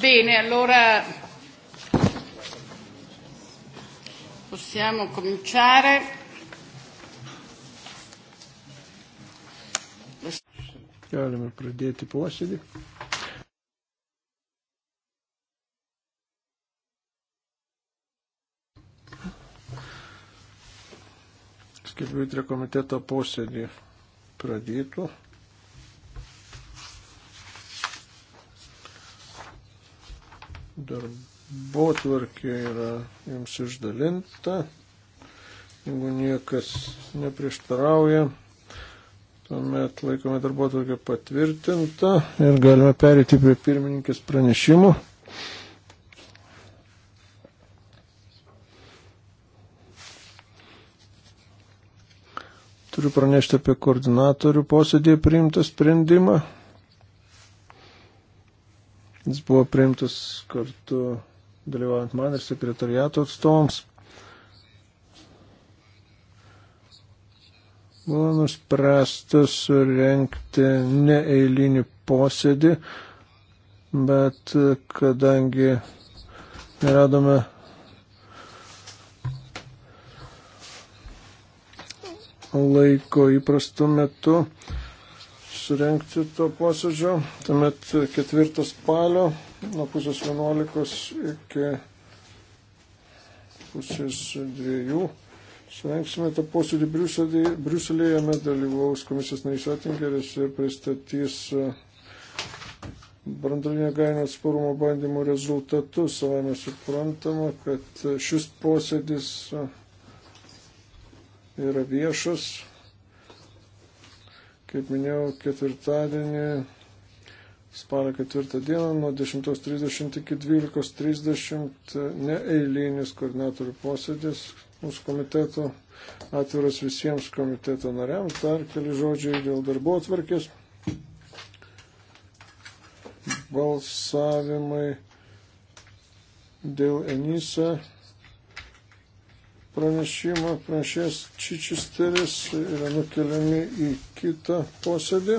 Bene, allora possiamo cominciare. Galime pradėti posėdį. Skelbiu komiteto posėdį pradėtų. darbo tvarkė yra jums išdalinta. Jeigu niekas neprieštarauja, tuomet laikome darbo tvarkę patvirtintą ir galime perėti prie pirmininkės pranešimų. Turiu pranešti apie koordinatorių posėdį priimtą sprendimą. Jis buvo priimtas kartu dalyvaujant man ir sekretariato atstovams. Buvo nuspręsta surenkti neeilinį posėdį, bet kadangi neradome laiko įprastu metu, surenkti to posėdžio. Tuomet 4 spalio nuo pusės 11 iki pusės 2. Surenksime tą posėdį Briuselėje, jame dalyvaus komisijos narys Atingeris ir pristatys e, brandalinio galinio atsparumo bandymų rezultatus. Savame suprantama, kad šis posėdis e, yra viešas Kaip minėjau, ketvirtadienį, spalio ketvirtą dieną nuo 10.30 iki 12.30 neeilinis koordinatorių posėdis mūsų komiteto, atviras visiems komiteto nariams. Dar keli žodžiai dėl darbo atvarkės. Balsavimai dėl Enisa pranešimą pranešės Čičisteris yra nukeliami į kitą posėdį.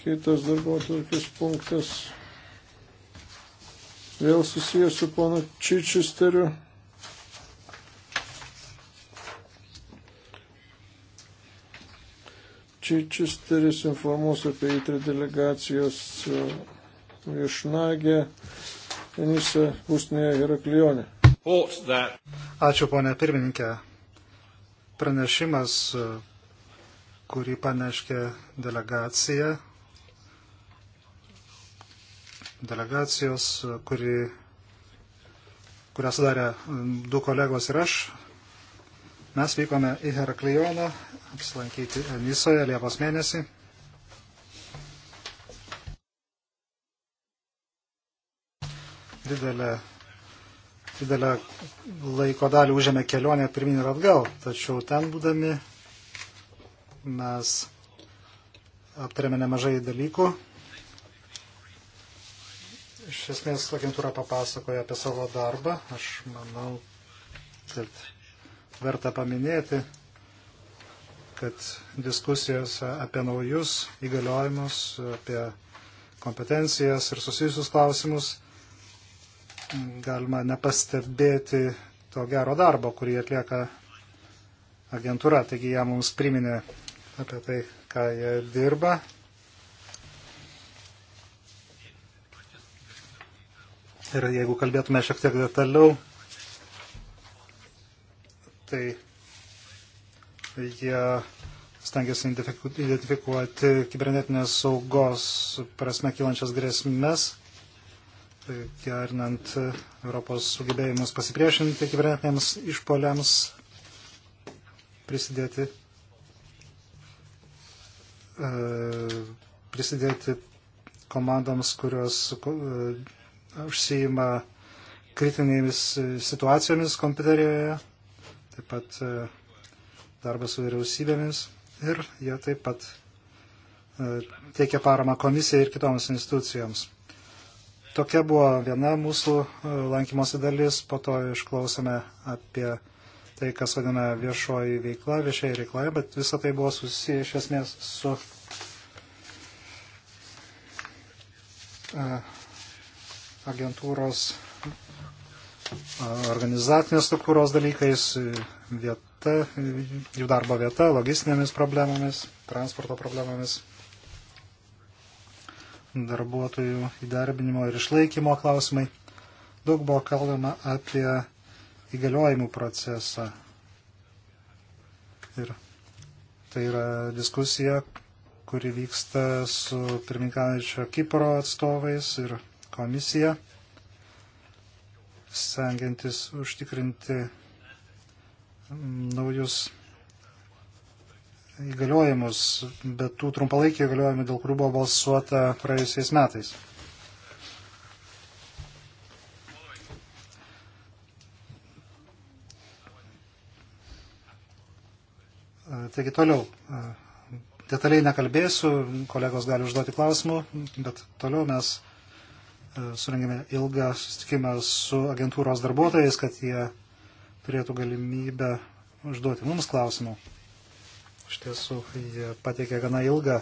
Kitas darbo turkis punktas vėl susijęs su pono Čičisteriu. Čičisteris informuos apie įtrį delegacijos e, viešnagę Enisa Usnėje Heraklionė that... Ačiū, ponė pirmininkė. Pranešimas, kurį paneškė delegacija, delegacijos, kuri, kurią sudarė du kolegos ir aš, mes vykome į Heraklioną apsilankyti Enisoje Liepos mėnesį. Didelė didelę laiko dalį užėmė kelionė pirmin ir atgal, tačiau ten būdami mes aptarėme nemažai dalykų. Iš esmės agentūra papasakoja apie savo darbą. Aš manau, kad verta paminėti, kad diskusijose apie naujus įgaliojimus, apie kompetencijas ir susijusius klausimus galima nepastebėti to gero darbo, kurį atlieka agentūra. Taigi jie mums priminė apie tai, ką jie dirba. Ir jeigu kalbėtume šiek tiek detaliau, tai jie stengiasi identifikuoti kibernetinės saugos prasme kylančias grėsmės gerinant e, Europos sugebėjimus pasipriešinti kibernetiniams išpoliams, prisidėti, e, prisidėti komandoms, kurios e, užsijima kritinėmis situacijomis kompiuterijoje, taip pat darbas su vyriausybėmis ir jie taip pat teikia paramą komisijai ir kitoms institucijoms. Tokia buvo viena mūsų e, lankymosi dalis, po to išklausome apie tai, kas vadina viešoji veikla, viešai reikla, bet visa tai buvo susiję iš esmės su e, agentūros e, organizacinės struktūros dalykais, vieta, jų darbo vieta, logistinėmis problemomis, transporto problemomis darbuotojų įdarbinimo ir išlaikymo klausimai. Daug buvo kalbama apie įgaliojimų procesą. Ir tai yra diskusija, kuri vyksta su pirmininkaujančio Kipro atstovais ir komisija, stengiantis užtikrinti naujus įgaliojimus, bet tų trumpalaikių įgaliojimų, dėl kurių buvo balsuota praėjusiais metais. Taigi toliau. Detaliai nekalbėsiu, kolegos gali užduoti klausimų, bet toliau mes e, surengėme ilgą susitikimą su agentūros darbuotojais, kad jie turėtų galimybę užduoti mums klausimų. Iš tiesų, jie pateikė gana ilgą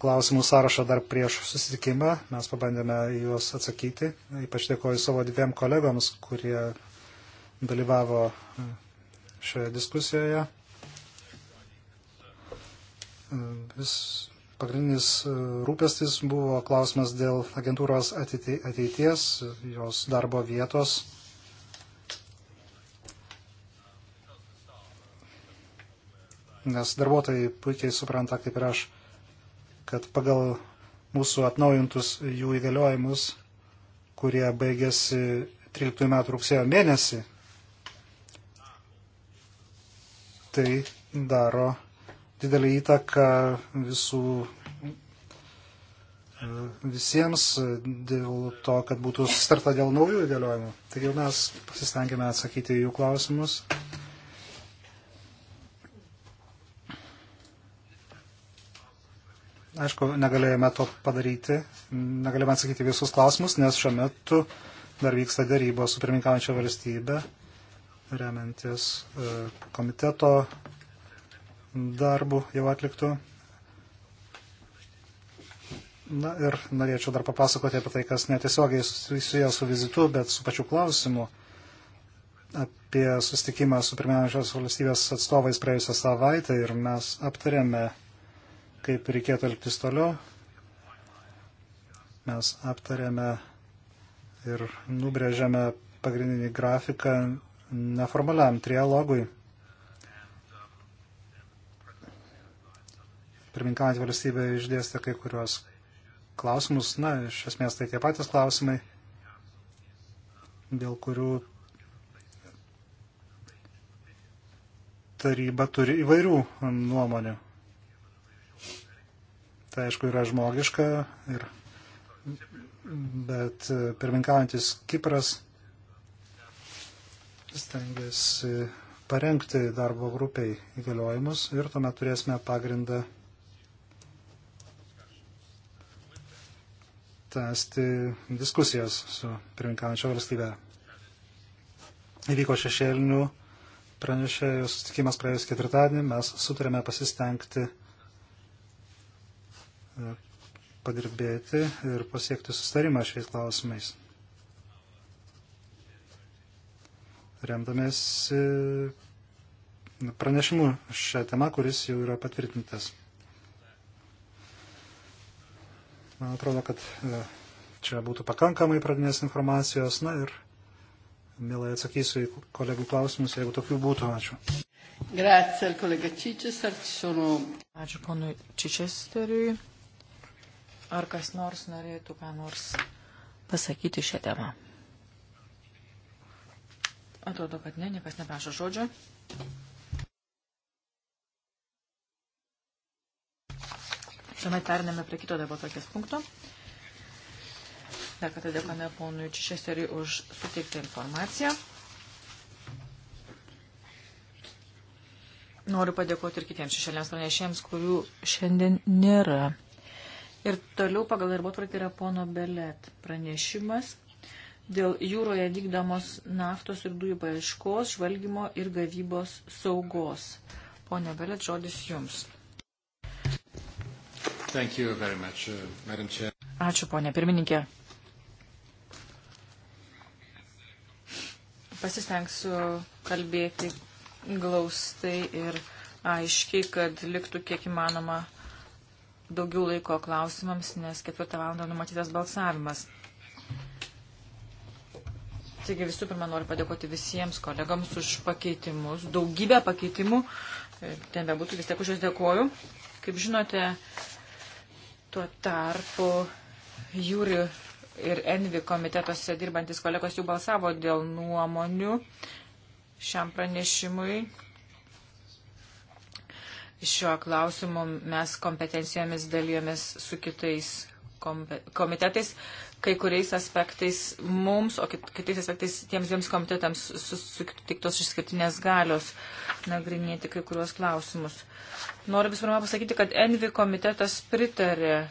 klausimų sąrašą dar prieš susitikimą. Mes pabandėme juos atsakyti. Ypač dėkoju savo dviem kolegoms, kurie dalyvavo šioje diskusijoje. Vis pagrindinis rūpestis buvo klausimas dėl agentūros ateities, jos darbo vietos nes darbuotojai puikiai supranta, kaip ir aš, kad pagal mūsų atnaujintus jų įgaliojimus, kurie baigėsi 13 metų rugsėjo mėnesį, tai daro didelį įtaką visų visiems dėl to, kad būtų starta dėl naujų įgaliojimų. Taigi mes pasistengėme atsakyti jų klausimus Aišku, negalėjome to padaryti, negalėjome atsakyti visus klausimus, nes šiuo metu dar vyksta dėrybos su pirmininkaujančia valstybe, remiantis e, komiteto darbų jau atliktų. Na ir norėčiau dar papasakoti apie tai, kas netiesiogiai susijęs su vizitu, bet su pačiu klausimu apie sustikimą su pirmiausios valstybės atstovais praėjusią savaitę ir mes aptarėme kaip reikėtų elgtis toliau. Mes aptarėme ir nubrėžėme pagrindinį grafiką neformaliam trialogui. Pirminkant valstybė išdėstė kai kuriuos klausimus, na, iš esmės tai tie patys klausimai, dėl kurių taryba turi įvairių nuomonių. Tai aišku yra žmogiška, ir, bet e, pirminkaujantis Kipras stengiasi parengti darbo grupiai įgaliojimus ir tuomet turėsime pagrindą tęsti diskusijas su pirminkaujančia valstybe. Įvyko šešėlinių pranešėjų susitikimas praėjus ketvirtadienį, mes sutarėme pasistengti padirbėti ir pasiekti sustarimą šiais klausimais. Remdamės nu, pranešimu šią temą, kuris jau yra patvirtintas. Man atrodo, kad e, čia būtų pakankamai pradinės informacijos. Na ir mielai atsakysiu į kolegų klausimus, jeigu tokių būtų. Ačiū. Grazie, kolega Čičester. Sono... Ačiū ponui Čičesteriui. Ar kas nors norėtų ką nors pasakyti šią temą? Atrodo, kad ne, niekas neprašo žodžio. Tuomet periname prie kito dabar tokias punkto. Dar kartą dėkame ponui Čišeseriui už suteiktą informaciją. Noriu padėkoti ir kitiems šešėlėms pranešėjams, kurių šiandien nėra. Ir toliau pagal darbo tvarkį yra pono Belet pranešimas dėl jūroje vykdomos naftos ir dujų paieškos, žvalgymo ir gavybos saugos. Pone Belet, žodis jums. Much, uh, Ačiū, ponė pirmininkė. Pasistengsiu kalbėti glaustai ir aiškiai, kad liktų kiek įmanoma daugiau laiko klausimams, nes ketvirtą valandą numatytas balsavimas. Taigi visų pirma noriu padėkoti visiems kolegams už pakeitimus, daugybę pakeitimų. E, ten bebūtų vis tiek už juos dėkoju. Kaip žinote, tuo tarpu Jūri ir Envi komitetuose dirbantis kolegos jau balsavo dėl nuomonių šiam pranešimui šiuo klausimu mes kompetencijomis dalyjomis su kitais komitetais, kai kuriais aspektais mums, o kitais aspektais tiems dviems komitetams sutiktos išskirtinės galios nagrinėti kai kuriuos klausimus. Noriu vis pirma pasakyti, kad Envi komitetas pritarė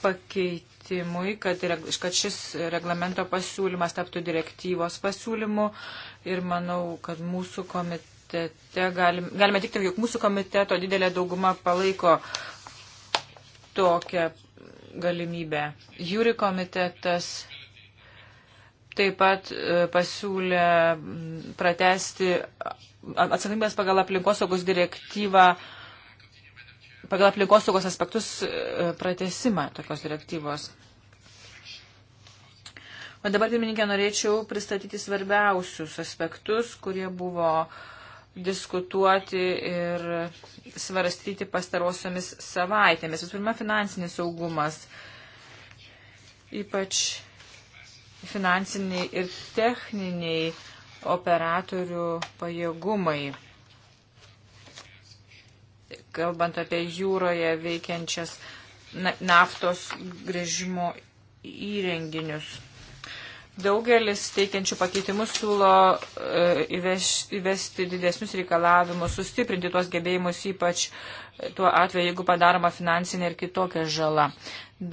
pakeitimui, kad, kad šis reglamento pasiūlymas taptų direktyvos pasiūlymu ir manau, kad mūsų komitetas komitete galim, galime tik, jog mūsų komiteto didelė dauguma palaiko tokią galimybę. Jūri komitetas taip pat e, pasiūlė pratesti atsakomybės pagal aplinkosaugos direktyvą, pagal aplinkosaugos aspektus e, pratesimą tokios direktyvos. O dabar, pirmininkė, norėčiau pristatyti svarbiausius aspektus, kurie buvo uh, diskutuoti ir svarstyti pastarosiomis savaitėmis. Visų pirma, finansinis saugumas, ypač finansiniai ir techniniai operatorių pajėgumai. Kalbant apie jūroje veikiančias naftos grėžimo įrenginius. Daugelis teikiančių pakeitimų siūlo e, įveš, įvesti didesnius reikalavimus, sustiprinti tuos gebėjimus, ypač tuo atveju, jeigu padaroma finansinė ir kitokia žala.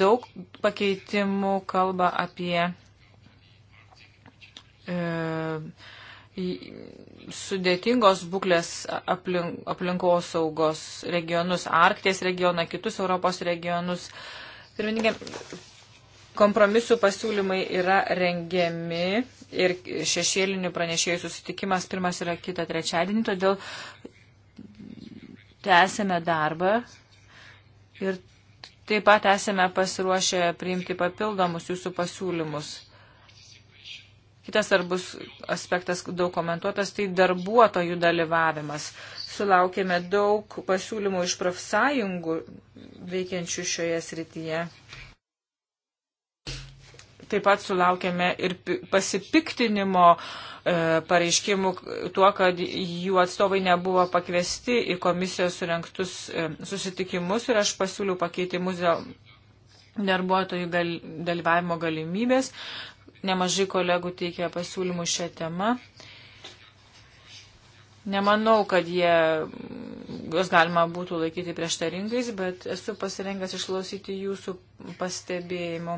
Daug pakeitimų kalba apie. E, sudėtingos būklės aplink, aplinkos saugos regionus, Arkties regioną, kitus Europos regionus. Pirmininkė, Kompromisų pasiūlymai yra rengiami ir šešėlinių pranešėjų susitikimas pirmas yra kitą trečiadienį, todėl tęsėme darbą ir taip pat esame pasiruošę priimti papildomus jūsų pasiūlymus. Kitas svarbus aspektas, daug komentuotas, tai darbuotojų dalyvavimas. Sulaukėme daug pasiūlymų iš profsąjungų veikiančių šioje srityje. Taip pat sulaukėme ir pasipiktinimo e, pareiškimų tuo, kad jų atstovai nebuvo pakviesti į komisijos surinktus e, susitikimus ir aš pasiūliau pakeitimus dėl darbuotojų gal, dalyvavimo galimybės. Nemažai kolegų teikė pasiūlymų šią temą. E, Nemanau, kad jie, juos galima būtų laikyti prieštaringais, bet esu pasirengęs išklausyti jūsų pastebėjimų,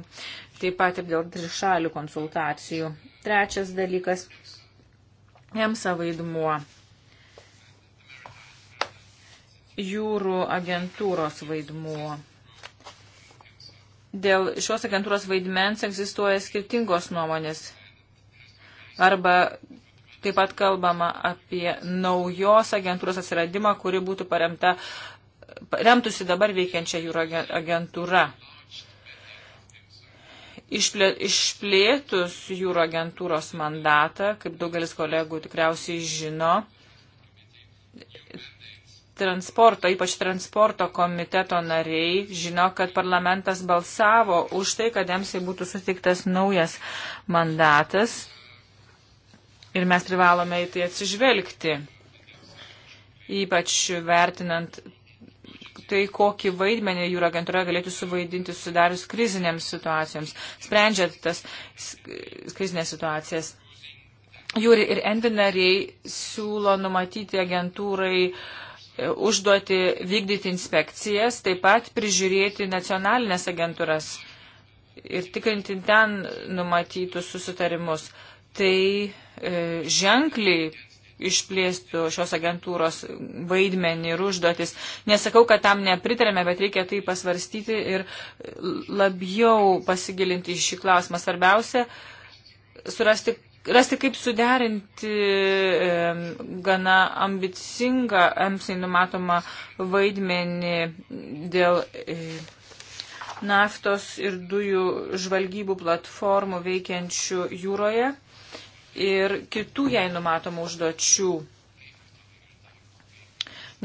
taip pat ir dėl trišalių konsultacijų. Trečias dalykas - EMSA vaidmuo. Jūrų agentūros vaidmuo. Dėl šios agentūros vaidmens egzistuoja skirtingos nuomonės. Arba Taip pat kalbama apie naujos agentūros atsiradimą, kuri būtų paremta, remtusi dabar veikiančią jūro agentūrą. Išplė, išplėtus jūro agentūros mandatą, kaip daugelis kolegų tikriausiai žino, transporto, ypač transporto komiteto nariai žino, kad parlamentas balsavo už tai, kad jiems būtų sutiktas naujas mandatas. Ir mes privalome į tai atsižvelgti, ypač vertinant tai, kokį vaidmenį jūro agentūra galėtų suvaidinti sudarius krizinėms situacijoms, sprendžiant tas krizinės situacijas. Jūri ir endinariai siūlo numatyti agentūrai e, užduoti vykdyti inspekcijas, taip pat prižiūrėti nacionalinės agentūras ir tikrinti ten numatytus susitarimus. Tai E, ženkliai išplėstų šios agentūros vaidmenį ir užduotis. Nesakau, kad tam nepritarėme, bet reikia tai pasvarstyti ir labiau pasigilinti į šį klausimą. Svarbiausia, surasti, rasti, kaip suderinti e, gana ambicingą emsai numatomą vaidmenį dėl. E, naftos ir dujų žvalgybų platformų veikiančių jūroje ir kitų jai numatomų užduočių.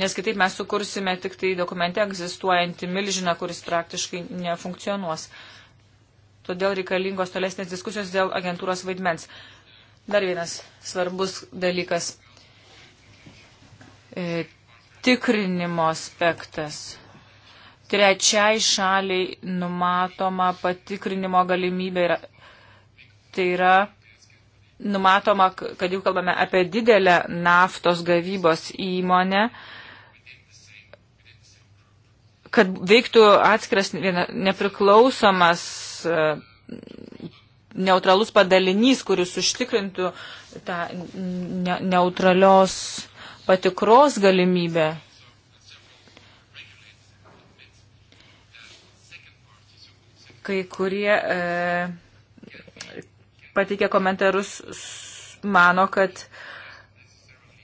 Nes kitaip mes sukursime tik tai dokumente egzistuojantį milžiną, kuris praktiškai nefunkcionuos. Todėl reikalingos tolesnės diskusijos dėl agentūros vaidmens. Dar vienas svarbus dalykas e, - tikrinimo aspektas. Trečiai šaliai numatoma patikrinimo galimybė yra, tai yra numatoma, kad jau kalbame apie didelę naftos gavybos įmonę, kad veiktų atskiras nepriklausomas e, neutralus padalinys, kuris užtikrintų tą ne, neutralios patikros galimybę. Kai kurie e, pateikę komentarus mano, kad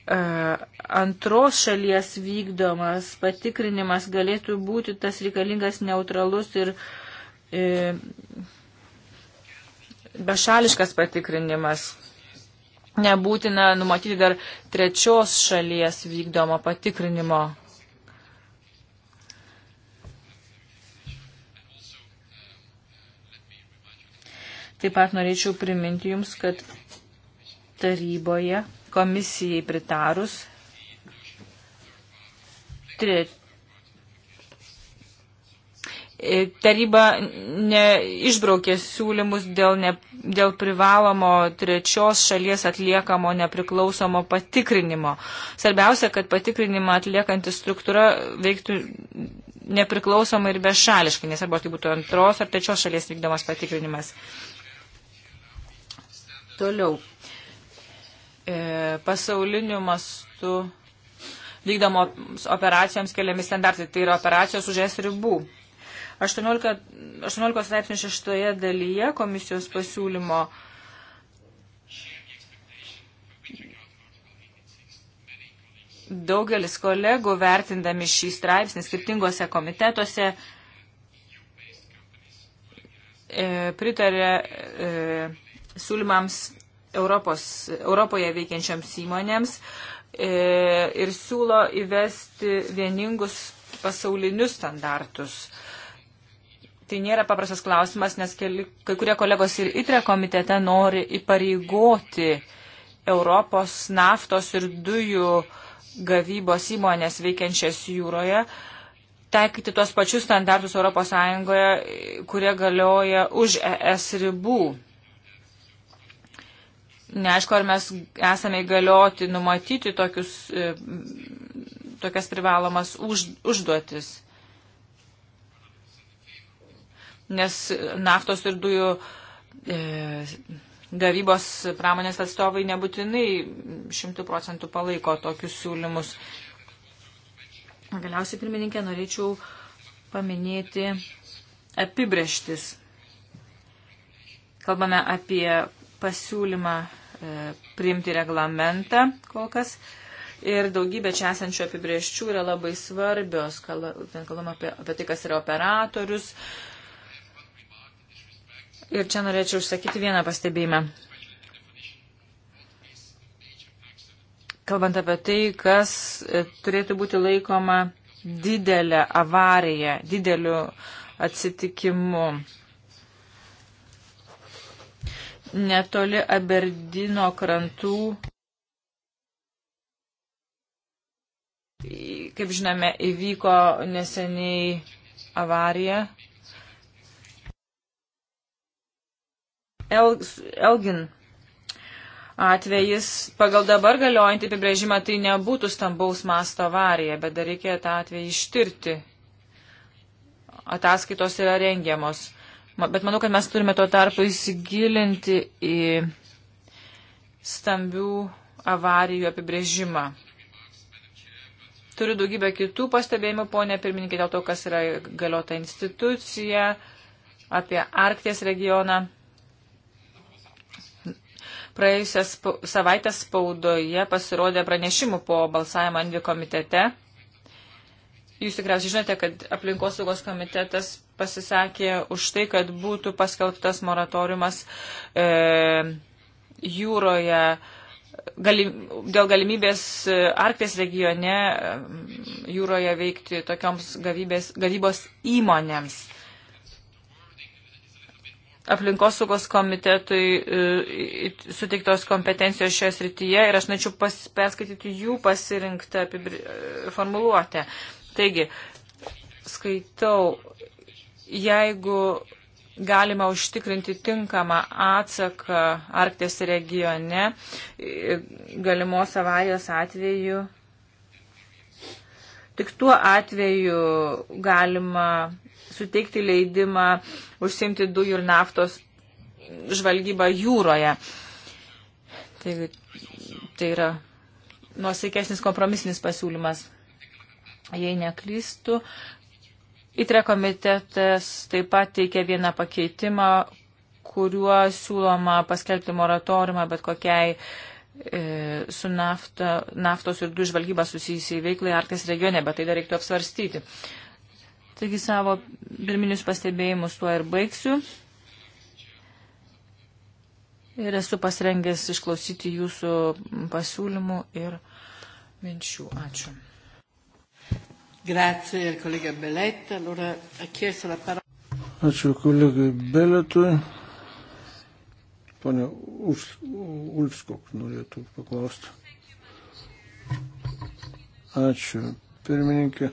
e, antros šalies vykdomas patikrinimas galėtų būti tas reikalingas neutralus ir e, bešališkas patikrinimas. Nebūtina numatyti dar trečios šalies vykdomo patikrinimo. Taip pat norėčiau priminti Jums, kad taryboje komisijai pritarus tre... taryba neišbraukė siūlymus dėl, ne, dėl privalomo trečios šalies atliekamo nepriklausomo patikrinimo. Svarbiausia, kad patikrinimą atliekanti struktūra veiktų nepriklausomai ir bešališkai, nesvarbu, ar tai būtų antros ar trečios šalies vykdomas patikrinimas. Toliau. E, pasauliniu mastu vykdomoms operacijoms keliami standartai, tai yra operacijos už es ribų. 18, 18 straipsnių šeštoje dalyje komisijos pasiūlymo daugelis kolegų vertindami šį straipsnį skirtingose komitetuose e, pritarė e, siūlymams Europos, Europoje veikiančiams įmonėms e, ir siūlo įvesti vieningus pasaulinius standartus. Tai nėra paprastas klausimas, nes keli, kai kurie kolegos ir ITRE komitete nori įpareigoti Europos naftos ir dujų gavybos įmonės veikiančias jūroje, taikyti tuos pačius standartus ES, kurie galioja už ES ribų neaišku, ar mes esame įgalioti numatyti tokius, e, tokias privalomas už, užduotis. Nes naftos ir dujų e, gavybos pramonės atstovai nebūtinai šimtų procentų palaiko tokius siūlymus. Galiausiai, pirmininkė, norėčiau paminėti apibrieštis. Kalbame apie pasiūlymą e, priimti reglamentą kol kas. Ir daugybė čia esančių apibrieščių yra labai svarbios. Ten kalbama apie, apie tai, kas yra operatorius. Ir čia norėčiau užsakyti vieną pastebėjimą. Kalbant apie tai, kas e, turėtų būti laikoma didelę avariją, dideliu atsitikimu netoli Aberdino krantų. Kaip žinome, įvyko neseniai avarija. El, Elgin atvejis, pagal dabar galiojantį apibrėžimą, tai nebūtų stambaus masto avarija, bet dar reikia tą atvejį ištirti. Ataskaitos yra rengiamos Bet manau, kad mes turime tuo tarpu įsigilinti į stambių avarijų apibrėžimą. Turiu daugybę kitų pastebėjimų, ponė pirmininkė, dėl to, kas yra galiota institucija, apie Arkties regioną. Praėjusią savaitę spaudoje pasirodė pranešimų po balsavimą Andi komitete Jūs tikriausiai žinote, kad aplinkosaugos komitetas pasisakė už tai, kad būtų paskelbtas moratoriumas e, jūroje galim, dėl galimybės e, Arkties regione e, jūroje veikti tokioms gavybės, gavybos įmonėms. Aplinkosaugos komitetui e, suteiktos kompetencijos šioje srityje ir aš norėčiau perskaityti jų pasirinktą formuluotę. E, Taigi, skaitau, jeigu galima užtikrinti tinkamą atsaką Arktės regione galimos avarijos atveju, tik tuo atveju galima suteikti leidimą užsimti dujų ir naftos žvalgybą jūroje. Taigi, tai yra nuosaikesnis kompromisinis pasiūlymas. Jei neklystų, įtre komitetas taip pat teikia vieną pakeitimą, kuriuo siūloma paskelbti moratoriumą bet kokiai e, su nafta, naftos ir dujų žvalgyba susijusiai veiklai Arktis regione, bet tai dar reiktų apsvarstyti. Taigi savo pirminius pastebėjimus tuo ir baigsiu. Ir esu pasirengęs išklausyti jūsų pasiūlymų ir minčių. Ačiū. Grazie al collega Belletta. Allora ha chiesto la parola. Ačiū kolegai Beletui. Pane Ulfskok norėtų paklausti. Ačiū. Pirmininkė,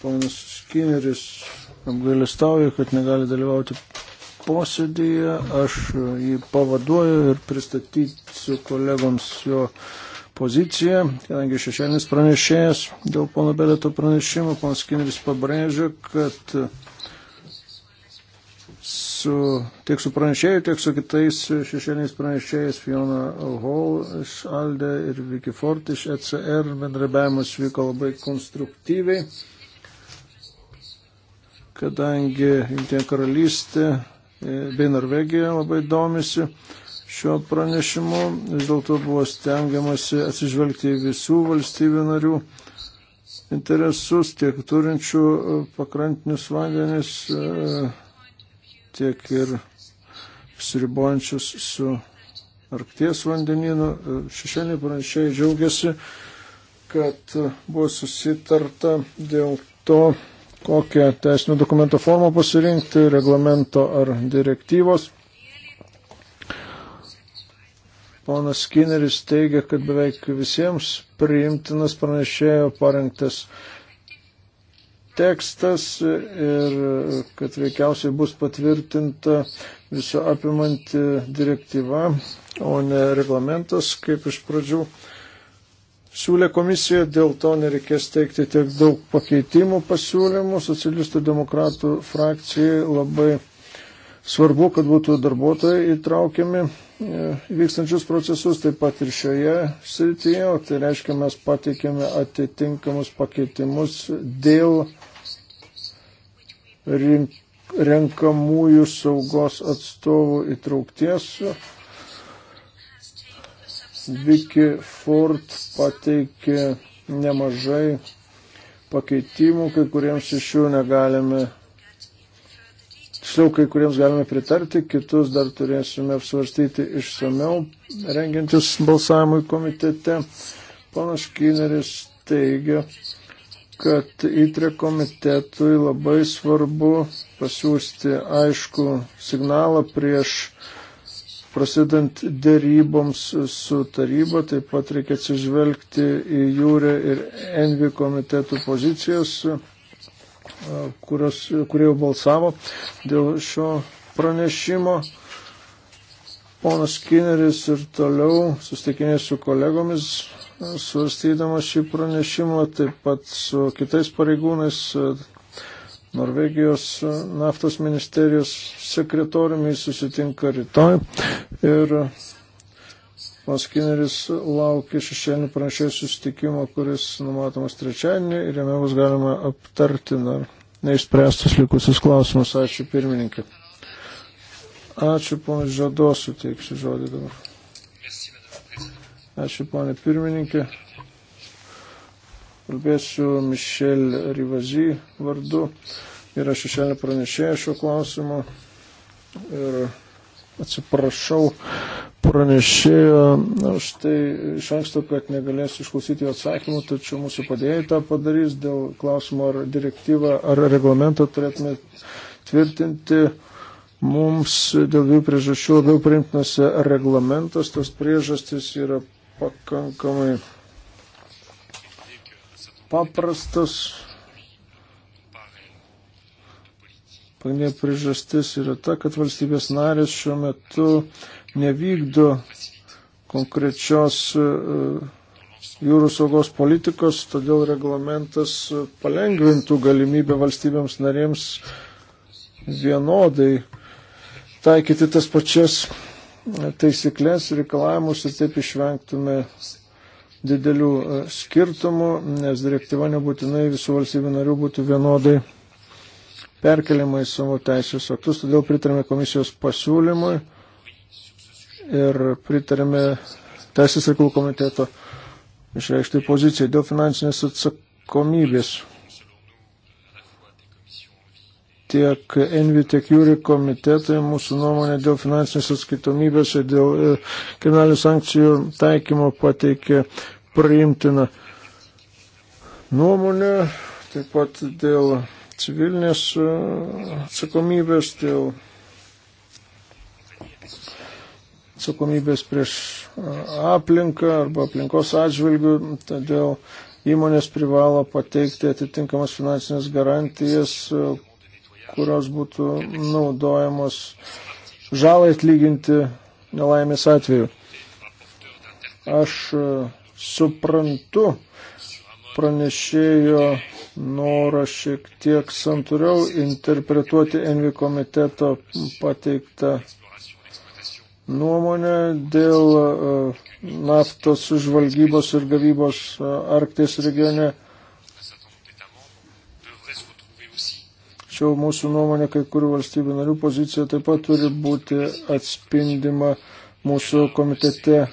ponas Skinneris apgailestauja, kad negali dalyvauti posėdėje. Aš jį pavaduoju ir pristatysiu kolegoms jo. Uh, poziciją, kadangi šešėlinis pranešėjas dėl pono Beleto pranešimo, ponas Kineris pabrėžia, kad su, tiek su pranešėju, tiek su kitais šešėliniais pranešėjais Fiona Hall iš Alde ir Vicky Fort iš ECR bendrabiavimas vyko labai konstruktyviai, kadangi Jungtinė karalystė e, bei Norvegija labai domisi šiuo pranešimu. Vis dėlto buvo stengiamasi atsižvelgti į visų valstybių narių interesus, tiek turinčių e, pakrantinius vandenis, e, tiek ir sribojančius su Arkties vandeninu. E, Šešėlė pranešėjai džiaugiasi, kad buvo susitarta dėl to, kokią teisinio dokumento formą pasirinkti, reglamento ar direktyvos. Ponas Skinneris teigia, kad beveik visiems priimtinas pranešėjo parengtas tekstas ir kad veikiausiai bus patvirtinta viso apimanti direktyva, o ne reglamentas, kaip iš pradžių siūlė komisija, dėl to nereikės teikti tiek daug pakeitimų pasiūlymų. Socialistų demokratų frakcijai labai Svarbu, kad būtų darbuotojai įtraukiami e, vykstančius procesus, taip pat ir šioje srityje, o tai reiškia, mes pateikėme atitinkamus pakeitimus dėl rink, renkamųjų saugos atstovų įtraukties. Vicky Ford pateikė nemažai pakeitimų, kai kuriems iš jų negalime Tiksliau, kai kuriems galime pritarti, kitus dar turėsime apsvarstyti išsameu, rengiantis balsavimui komitete. Panas Kineris teigia, kad įtre komitetui labai svarbu pasiūsti aišku signalą prieš prasidant dėryboms su taryba, taip pat reikia atsižvelgti į jūrę ir envi komitetų pozicijos kurios, kurie jau balsavo dėl šio pranešimo. Ponas Kineris ir toliau susitikinė su kolegomis, svarstydamas šį pranešimą, taip pat su kitais pareigūnais, Norvegijos naftos ministerijos sekretoriumi susitinka rytoj. Ir Mas Kineris laukia šešėlinių pranešėjų sustikimo, kuris numatomas trečiadienį ir jame bus galima aptarti dar neišspręstus likusius klausimus. Ačiū pirmininkė. Ačiū ponai Žado, suteiksiu žodį dabar. Ačiū ponai pirmininkė. Kalbėsiu Mišel Rivazy vardu. Yra šešėlinė pranešėja šio klausimo. Ir atsiprašau pranešėjo, aš tai iš anksto, kad negalėsiu išklausyti jo atsakymų, tačiau mūsų padėjai tą padarys dėl klausimo, ar direktyvą ar reglamentą turėtume tvirtinti. Mums dėl jų priežasčių labiau priimtinas reglamentas, tos priežastys yra pakankamai paprastas Pagrindinė priežastis yra ta, kad valstybės narės šiuo metu nevykdo konkrečios e, jūrų saugos politikos, todėl reglamentas palengvintų galimybę valstybėms narėms vienodai taikyti tas pačias e, taisyklės, reikalavimus ir taip išvengtume didelių e, skirtumų, nes direktyva nebūtinai visų valstybių narių būtų vienodai perkeliama į savo teisės aktus, todėl pritarėme komisijos pasiūlymui ir pritarėme teisės reikalų komiteto išreikštai pozicijai dėl finansinės atsakomybės. Tiek Envi, tiek Jūri komitetai mūsų nuomonė dėl finansinės atskaitomybės ir dėl e, kriminalių sankcijų taikymo pateikė priimtiną nuomonę, taip pat dėl civilinės e, atsakomybės, dėl atsakomybės prieš e, aplinką arba aplinkos atžvilgių, todėl įmonės privalo pateikti atitinkamas finansinės garantijas, e, kurios būtų naudojamos žalai atlyginti nelaimės atveju. Aš suprantu pranešėjo norą šiek tiek santūriau interpretuoti Envi komiteto pateiktą nuomonę dėl e, naftos žvalgybos ir gavybos e, Arkties regione. Tačiau mūsų nuomonė, kai kurių valstybių narių pozicija taip pat turi būti atspindima mūsų komitete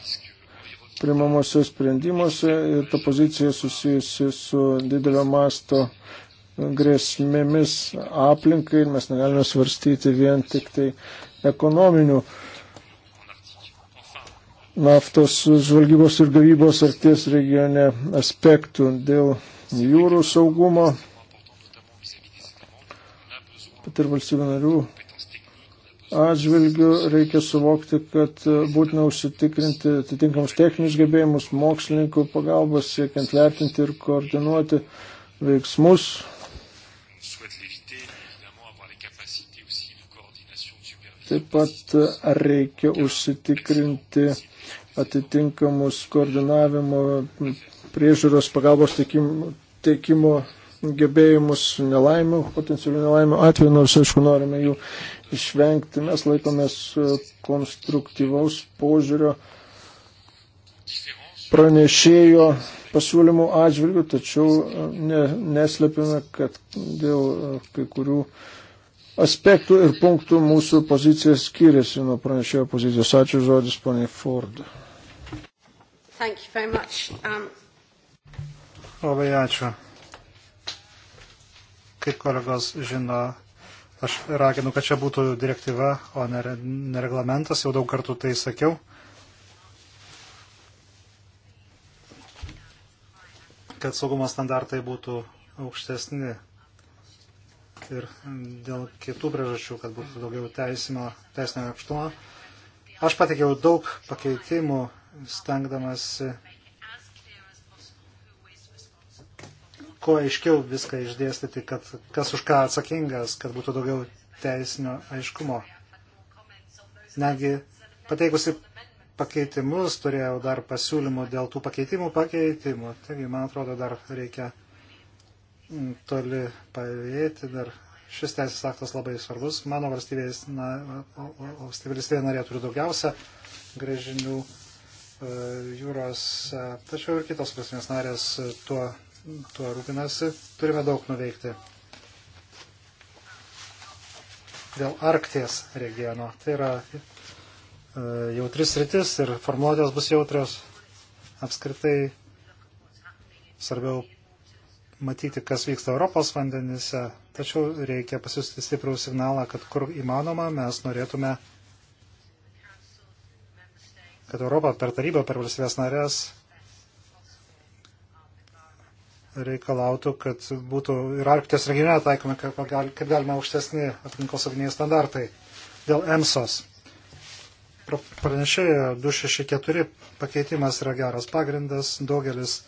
primamuose sprendimuose ir ta pozicija susijusi su didelio masto grėsmėmis aplinkai ir mes negalime svarstyti vien tik tai ekonominių naftos žvalgybos ir gavybos arkties regione aspektų dėl jūrų saugumo, bet ir valstybių narių atžvilgių reikia suvokti, kad e, būtina užsitikrinti atitinkamus techninius gebėjimus, mokslininkų pagalbas, siekiant vertinti ir koordinuoti veiksmus. Taip pat e, reikia užsitikrinti atitinkamus koordinavimo priežiūros pagalbos teikimo, teikimo gebėjimus nelaimių, potencialių nelaimių atveju, nors aišku norime jų išvengti. Mes laikomės e, konstruktyvaus požiūrio pranešėjo pasiūlymų atžvilgių, tačiau e, ne, neslėpime, kad dėl e, kai kurių aspektų ir punktų mūsų pozicija skiriasi nuo pranešėjo pozicijos. Ačiū žodis, poniai Ford. Um... Labai ačiū kaip kolegos žino, aš raginu, kad čia būtų direktyva, o ne reglamentas, jau daug kartų tai sakiau. kad saugumo standartai būtų aukštesni ir dėl kitų priežasčių, kad būtų daugiau teisinio akštumo. Aš patikiau daug pakeitimų, stengdamas kuo aiškiau viską išdėstyti, kad kas už ką atsakingas, kad būtų daugiau teisinio aiškumo. Negi pateikusi pakeitimus, turėjau dar pasiūlymų dėl tų pakeitimų pakeitimų. Taigi, man atrodo, dar reikia mm, toli pavėti, dar šis teisės aktas labai svarbus. Mano valstybės, na, valstybėlistėje narė turi daugiausia grėžinių e, jūros, tačiau ir kitos valstybės narės tuo tuo rūpinasi. Turime daug nuveikti dėl Arkties regiono. Tai yra e, jautris rytis ir formuluotės bus jautrios. Apskritai svarbiau matyti, kas vyksta Europos vandenise, tačiau reikia pasiūsti stiprų signalą, kad kur įmanoma mes norėtume, kad Europa per tarybą, per valstybės narės reikalautų, kad būtų ir Arkties regione taikomi kaip, kaip galima aukštesni aplinkosauginiai standartai. Dėl EMSOS. Pranešėjo 264 pakeitimas yra geras pagrindas, daugelis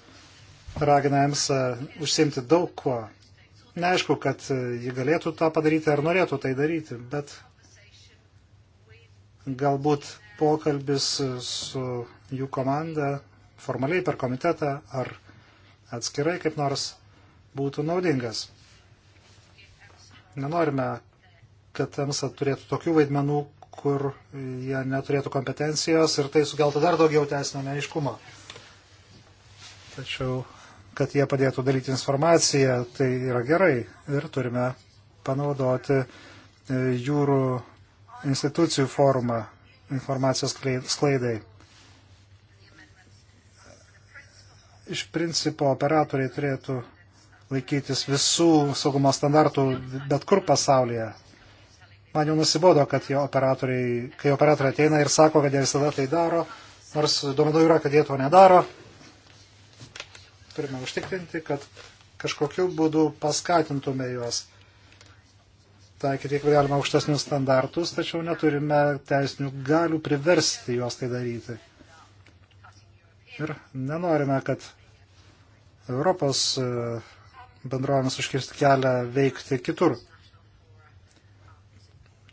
ragina EMSA užsimti daug kuo. Neaišku, kad ji galėtų tą padaryti ar norėtų tai daryti, bet galbūt pokalbis su jų komanda formaliai per komitetą ar atskirai kaip nors būtų naudingas. Nenorime, kad EMSA turėtų tokių vaidmenų, kur jie neturėtų kompetencijos ir tai sukeltų dar daugiau teisinio neaiškumo. Tačiau, kad jie padėtų dalyti informaciją, tai yra gerai ir turime panaudoti e, jūrų institucijų forumą informacijos sklaidai. iš principo operatoriai turėtų laikytis visų saugumo standartų bet kur pasaulyje. Man jau nusibodo, kad jo operatoriai, kai operatoriai ateina ir sako, kad jie visada tai daro, nors duomenų yra, kad jie to nedaro. Turime užtikrinti, kad kažkokiu būdu paskatintume juos taikyti, kiek galima, aukštesnius standartus, tačiau neturime teisinių galių priversti juos tai daryti. Ir nenorime, kad Europos e, bendrovėms užkirsti kelią veikti kitur.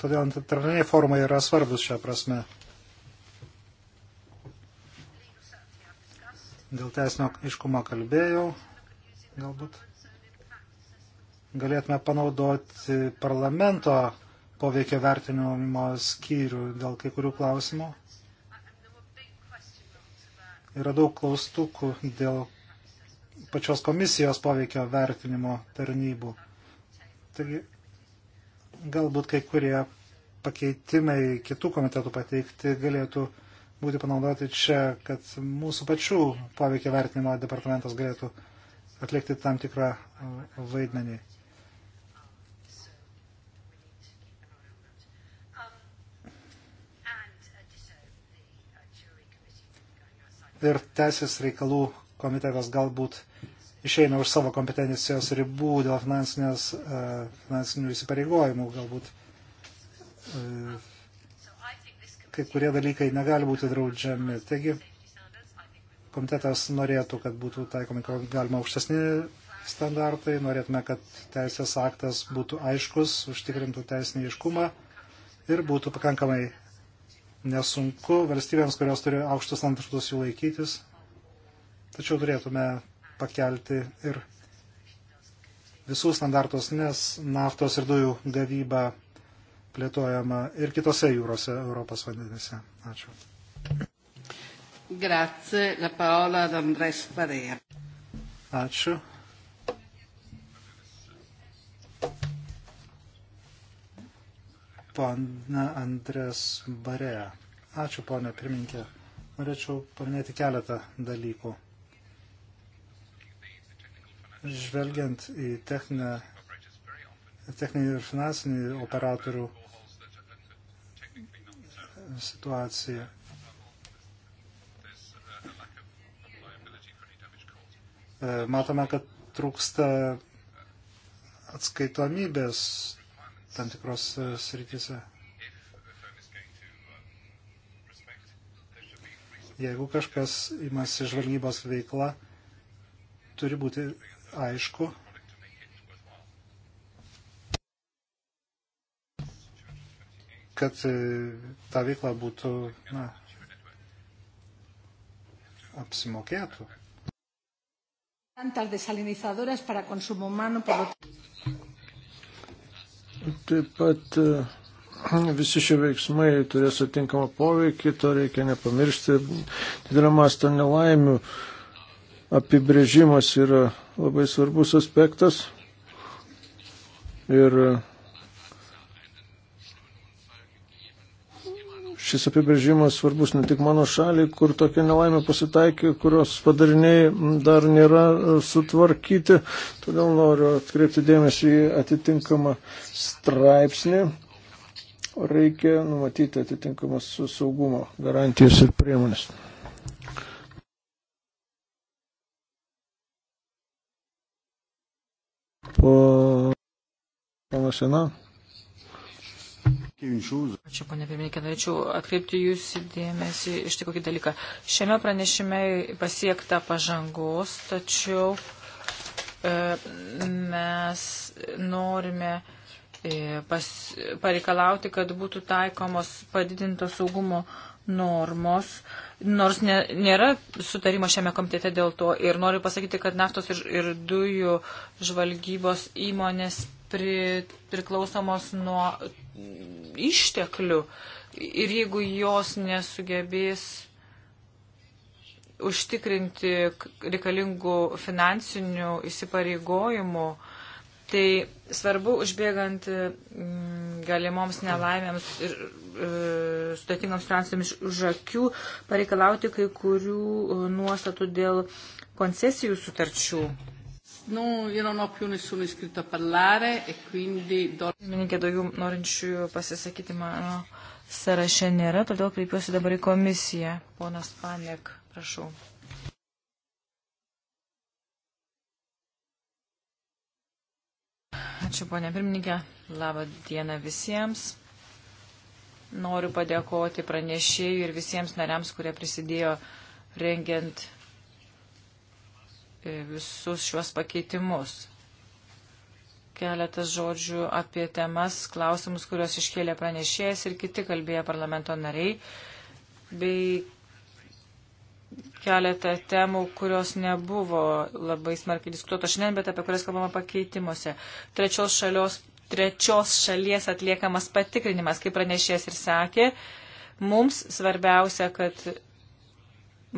Todėl antitarniniai formai yra svarbus šią prasme. Dėl teisinio iškumo kalbėjau, galbūt galėtume panaudoti parlamento poveikio vertinimo skyrių dėl kai kurių klausimų. Yra daug klaustukų dėl pačios komisijos poveikio vertinimo tarnybų. Taigi, galbūt kai kurie pakeitimai kitų komitetų pateikti galėtų būti panaudoti čia, kad mūsų pačių poveikio vertinimo departamentas galėtų atlikti tam tikrą vaidmenį. ir teisės reikalų komitetas galbūt išeina už savo kompetencijos ribų dėl e, finansinių įsipareigojimų, galbūt e, kai kurie dalykai negali būti draudžiami. Taigi komitetas norėtų, kad būtų taikomi galima aukštesni standartai, norėtume, kad teisės aktas būtų aiškus, užtikrintų teisinį iškumą ir būtų pakankamai nesunku valstybėms, kurios turi aukštus standartus jų laikytis, tačiau turėtume pakelti ir visų standartus, nes naftos ir dujų gavyba plėtojama ir kitose jūrose Europos vandenyse. Ačiū. Grazie, la parola ad Andres Parea. Ačiū. pana Andres Bare. Ačiū, ponė pirminkė. Norėčiau paminėti keletą dalykų. Žvelgiant į techninę, techninį ir finansinį operatorių situaciją, e, matome, kad trūksta atskaitomybės tam tikros e, srityse. Jeigu kažkas imasi žvalgybos veiklą, turi būti aišku, kad e, ta veikla būtų na, apsimokėtų. Plantas desalinizadoras para consumo humano, por lo tanto. Taip pat e, visi šie veiksmai turės atinkamą poveikį, to reikia nepamiršti. Didelio masto nelaimių apibrėžimas yra labai svarbus aspektas. Ir Šis apibrėžimas svarbus ne tik mano šaliai, kur tokia nelaimė pasitaikė, kurios padariniai dar nėra e, sutvarkyti. Todėl noriu atkreipti dėmesį į atitinkamą straipsnį. Reikia numatyti atitinkamas saugumo garantijas ir priemonės. Po... Pana Sena. Ačiū, ponė pirmininkė, norėčiau atkreipti jūsų dėmesį iš tikrųjų dalyką. Šiame pranešime pasiekta pažangos, tačiau e, mes norime e, pas, pareikalauti, kad būtų taikomos padidintos saugumo normos, nors ne, nėra sutarimo šiame komitete dėl to ir noriu pasakyti, kad naftos ir, ir dujų žvalgybos įmonės pri, priklausomos nuo išteklių ir jeigu jos nesugebės užtikrinti reikalingų finansinių įsipareigojimų, tai svarbu užbėgant e, galimoms nelaimėms ir e, sudėtingoms finansėms už akių pareikalauti kai kurių e, nuostatų dėl koncesijų sutarčių. No, io non ho più nessuno iscritto a parlare e quindi... Do... Pirmininkė, daugiau norinčių pasisakyti mano sąraše nėra, todėl kreipiuosi dabar į komisiją. Ponas Panek, prašau. Ačiū, ponė pirmininkė. Labą dieną visiems. Noriu padėkoti pranešėjui ir visiems nariams, kurie prisidėjo rengiant visus šiuos pakeitimus. Keletas žodžių apie temas, klausimus, kuriuos iškėlė pranešėjas ir kiti kalbėjo parlamento nariai, bei keletą temų, kurios nebuvo labai smarkiai diskutuotos šiandien, bet apie kurias kalbama pakeitimuose. Trečios, šalios, trečios šalies atliekamas patikrinimas, kaip pranešėjas ir sakė, mums svarbiausia, kad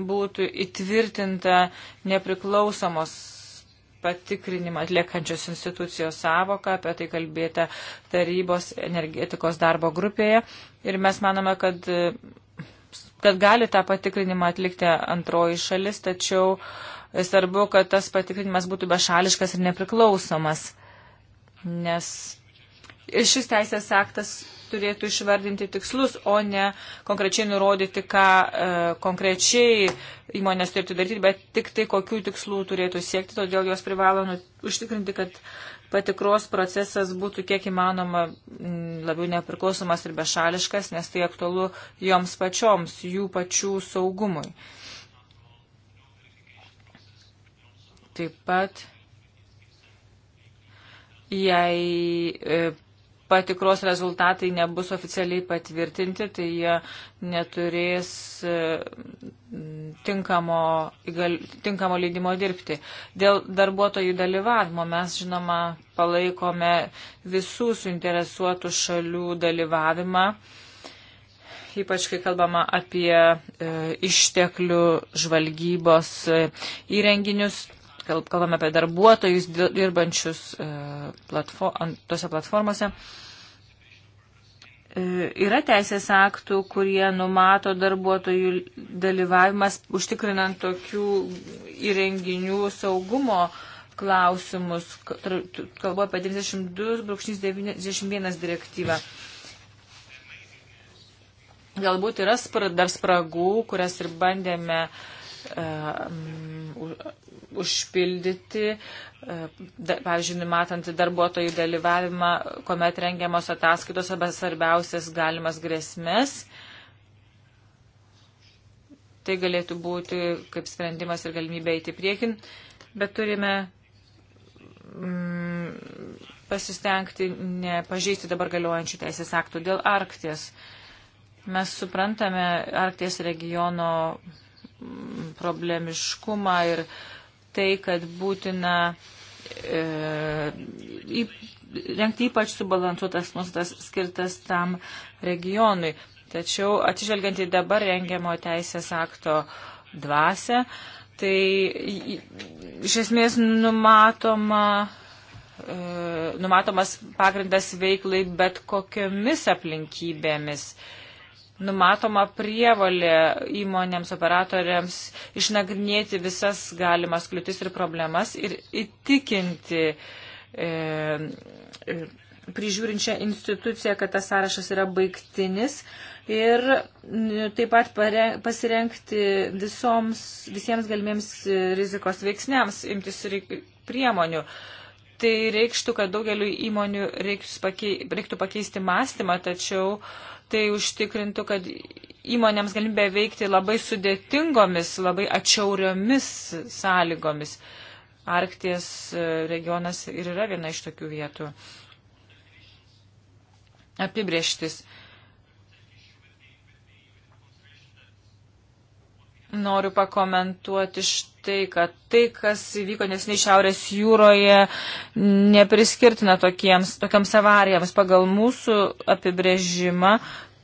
būtų įtvirtinta nepriklausomos patikrinimą atliekančios institucijos savoką, apie tai kalbėta tarybos energetikos darbo grupėje. Ir mes manome, kad, kad gali tą patikrinimą atlikti antroji šalis, tačiau svarbu, kad tas patikrinimas būtų bešališkas ir nepriklausomas. Nes šis teisės aktas turėtų išvardinti tikslus, o ne konkrečiai nurodyti, ką e, konkrečiai įmonės turėtų daryti, bet tik tai kokių tikslų turėtų siekti, todėl jos privalo nu, užtikrinti, kad patikros procesas būtų kiek įmanoma labiau nepriklausomas ir bešališkas, nes tai aktualu joms pačioms, jų pačių saugumui. Taip pat jei e, patikros rezultatai nebus oficialiai patvirtinti, tai jie neturės e, tinkamo, tinkamo leidimo dirbti. Dėl darbuotojų dalyvavimo mes, žinoma, palaikome visų suinteresuotų šalių dalyvavimą, ypač kai kalbama apie e, išteklių žvalgybos e, įrenginius kalbame apie darbuotojus dirbančius e, platform, tose platformose. E, yra teisės aktų, kurie numato darbuotojų dalyvavimas, užtikrinant tokių įrenginių saugumo klausimus. Kalbu apie 92.91 direktyvą. Galbūt yra spra, dar spragų, kurias ir bandėme uh, Um, užpildyti, uh, pavyzdžiui, numatant darbuotojų dalyvavimą, kuomet rengiamos ataskaitos arba svarbiausias galimas grėsmės. Tai galėtų būti kaip sprendimas ir galimybė eiti priekin, bet turime mm, pasistengti nepažeisti dabar galiojančių teisės aktų dėl Arkties. Mes suprantame Arkties regiono problemiškumą ir tai, kad būtina e, rengti ypač subalansuotas nuostatas skirtas tam regionui. Tačiau atsižvelgiant į dabar rengiamo teisės akto dvasę, tai iš esmės numatoma, e, numatomas pagrindas veiklai bet kokiomis aplinkybėmis. E, numatoma prievalė įmonėms, operatoriams išnagrinėti visas galimas kliūtis ir problemas ir įtikinti e, e prižiūrinčią instituciją, kad tas sąrašas yra baigtinis ir taip pat pare, pasirenkti visoms, visiems galimiems rizikos veiksniams, imtis priemonių. Tai reikštų, kad daugeliu įmonių reiktų pakeisti mąstymą, tačiau uh, tai užtikrintų, kad įmonėms galimybė veikti labai sudėtingomis, labai atšiauriomis sąlygomis. Arkties e, regionas ir yra viena iš tokių vietų. Apibrieštis. noriu pakomentuoti štai, kad tai, kas įvyko nesiniai Šiaurės jūroje, nepriskirtina tokiems, tokiams avarijams. Pagal mūsų apibrėžimą,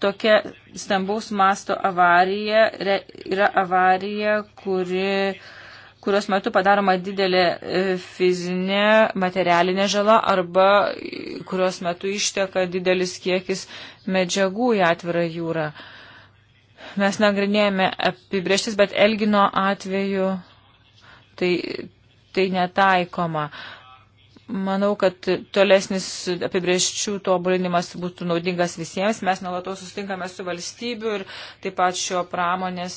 tokia stambaus masto avarija re, yra avarija, kuri kurios metu padaroma didelė e, fizinė, materialinė žala arba kurios metu išteka didelis kiekis medžiagų į atvirą jūrą. Uh, mes nagrinėjame apibrieštis, bet Elgino atveju tai, tai netaikoma. Manau, kad tolesnis apibrieščių tobulinimas būtų naudingas visiems. Mes nuolatos sustinkame su valstybių ir taip pat šio pramonės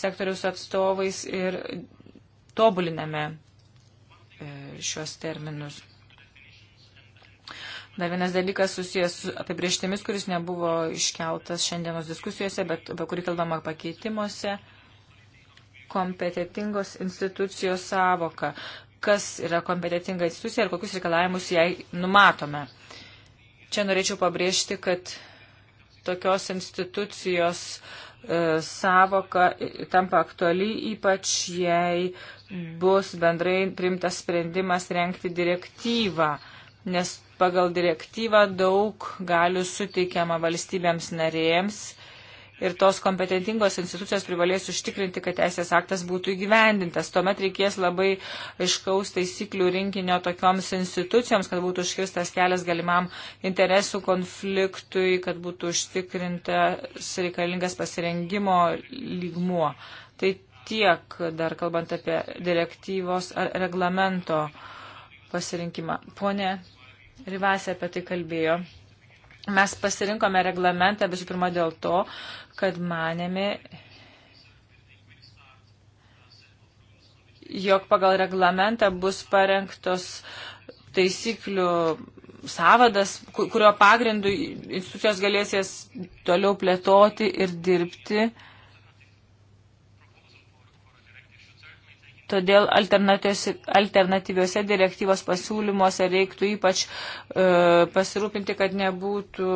sektoriaus atstovais ir tobuliname e, šios terminus. Dar vienas dalykas susijęs su apibrieštimis, kuris nebuvo iškeltas šiandienos diskusijose, bet apie kurį kalbama pakeitimuose. Kompetitingos institucijos savoka. Kas yra kompetitinga institucija ir kokius reikalavimus jai numatome. Čia norėčiau pabrėžti, kad tokios institucijos e, savoka tampa aktuali, ypač jei bus bendrai primtas sprendimas renkti direktyvą, nes pagal direktyvą daug galių suteikiama valstybėms narėms ir tos kompetentingos institucijos privalės užtikrinti, kad teisės aktas būtų įgyvendintas. Tuomet reikės labai aiškaus taisyklių rinkinio tokioms institucijoms, kad būtų užkirstas kelias galimam interesų konfliktui, kad būtų užtikrintas reikalingas pasirengimo lygmuo. Tai tiek dar kalbant apie direktyvos ar reglamento pasirinkimą. Pone Rivasė apie tai kalbėjo. Mes pasirinkome reglamentą visų pirma dėl to, kad manėme, jog pagal reglamentą bus parengtos taisyklių savadas, kurio pagrindu institucijos galės jas toliau plėtoti ir dirbti. Uh, Todėl alternatyviuose direktyvos pasiūlymuose reiktų ypač e, pasirūpinti, kad nebūtų,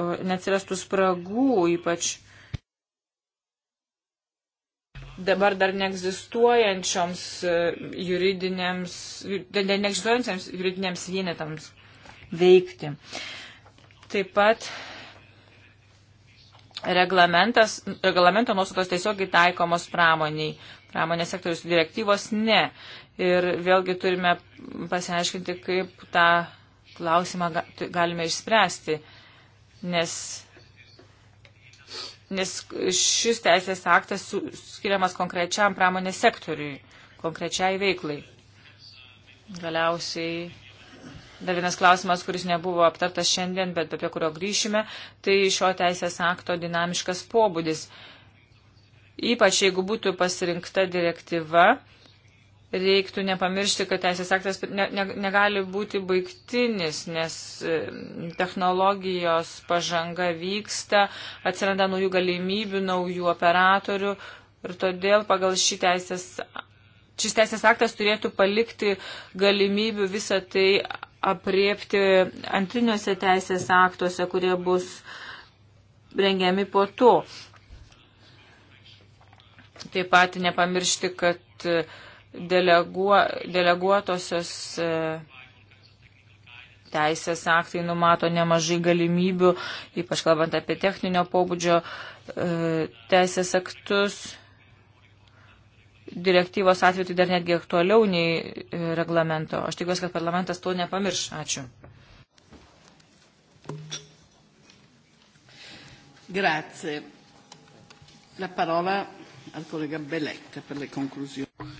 e, neatsirastų spragų, ypač dabar dar neegzistuojančioms e, juridinėms, neegzistuojančiams juridinėms vienetams veikti. Taip pat reglamentas, reglamento nuostatos tiesiogiai taikomos pramoniai pramonės sektorius direktyvos ne. Ir vėlgi turime pasiaiškinti, kaip tą klausimą galime išspręsti, nes, nes šis teisės aktas skiriamas konkrečiam pramonės sektoriui, konkrečiai veiklai. Galiausiai Dar vienas klausimas, kuris nebuvo aptartas šiandien, bet apie kurio grįšime, tai šio teisės akto dinamiškas pobūdis. Ypač jeigu būtų pasirinkta direktyva, reiktų nepamiršti, kad teisės aktas ne, ne, negali būti baigtinis, nes e, technologijos pažanga vyksta, atsiranda naujų galimybių, naujų operatorių ir todėl pagal šį teisės. Šis teisės aktas turėtų palikti galimybių visą tai apriepti antriniuose teisės aktuose, kurie bus rengiami po to. Taip pat nepamiršti, kad e, deleguo, deleguotosios e, teisės aktai numato nemažai galimybių, ypač kalbant apie techninio pobūdžio e, teisės aktus. Direktyvos atveju tai dar netgi aktualiau nei reglamento. Aš tikiuosi, kad parlamentas to nepamirš. Ačiū. Grazie. La parola al kolega Beletta per le conclusioni.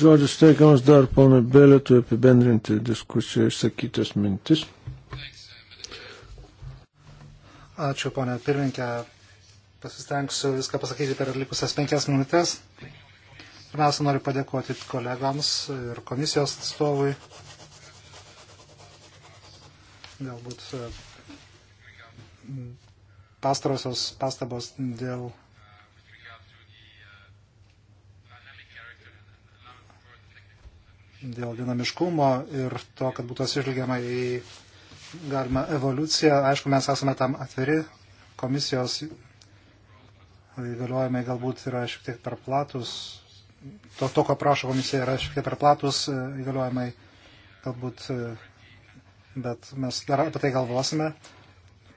Žodis teikiamas dar ponui Beletui apibendrinti diskusiją išsakytas mintis. Ačiū, ponė pirmininkė. Pasistengsiu viską pasakyti per likusias penkias minutės. Pirmiausia, noriu padėkoti kolegams ir komisijos atstovui. Galbūt mm, pastarosios pastabos dėl dėl dinamiškumo ir to, kad būtų atsižvelgiama į galimą evoliuciją. Aišku, mes esame tam atviri. Komisijos įgaliojimai galbūt yra šiek tiek per platus. To, to ko prašo komisija, yra šiek tiek per platus e, įgaliojimai galbūt, e, bet mes dar apie tai galvosime.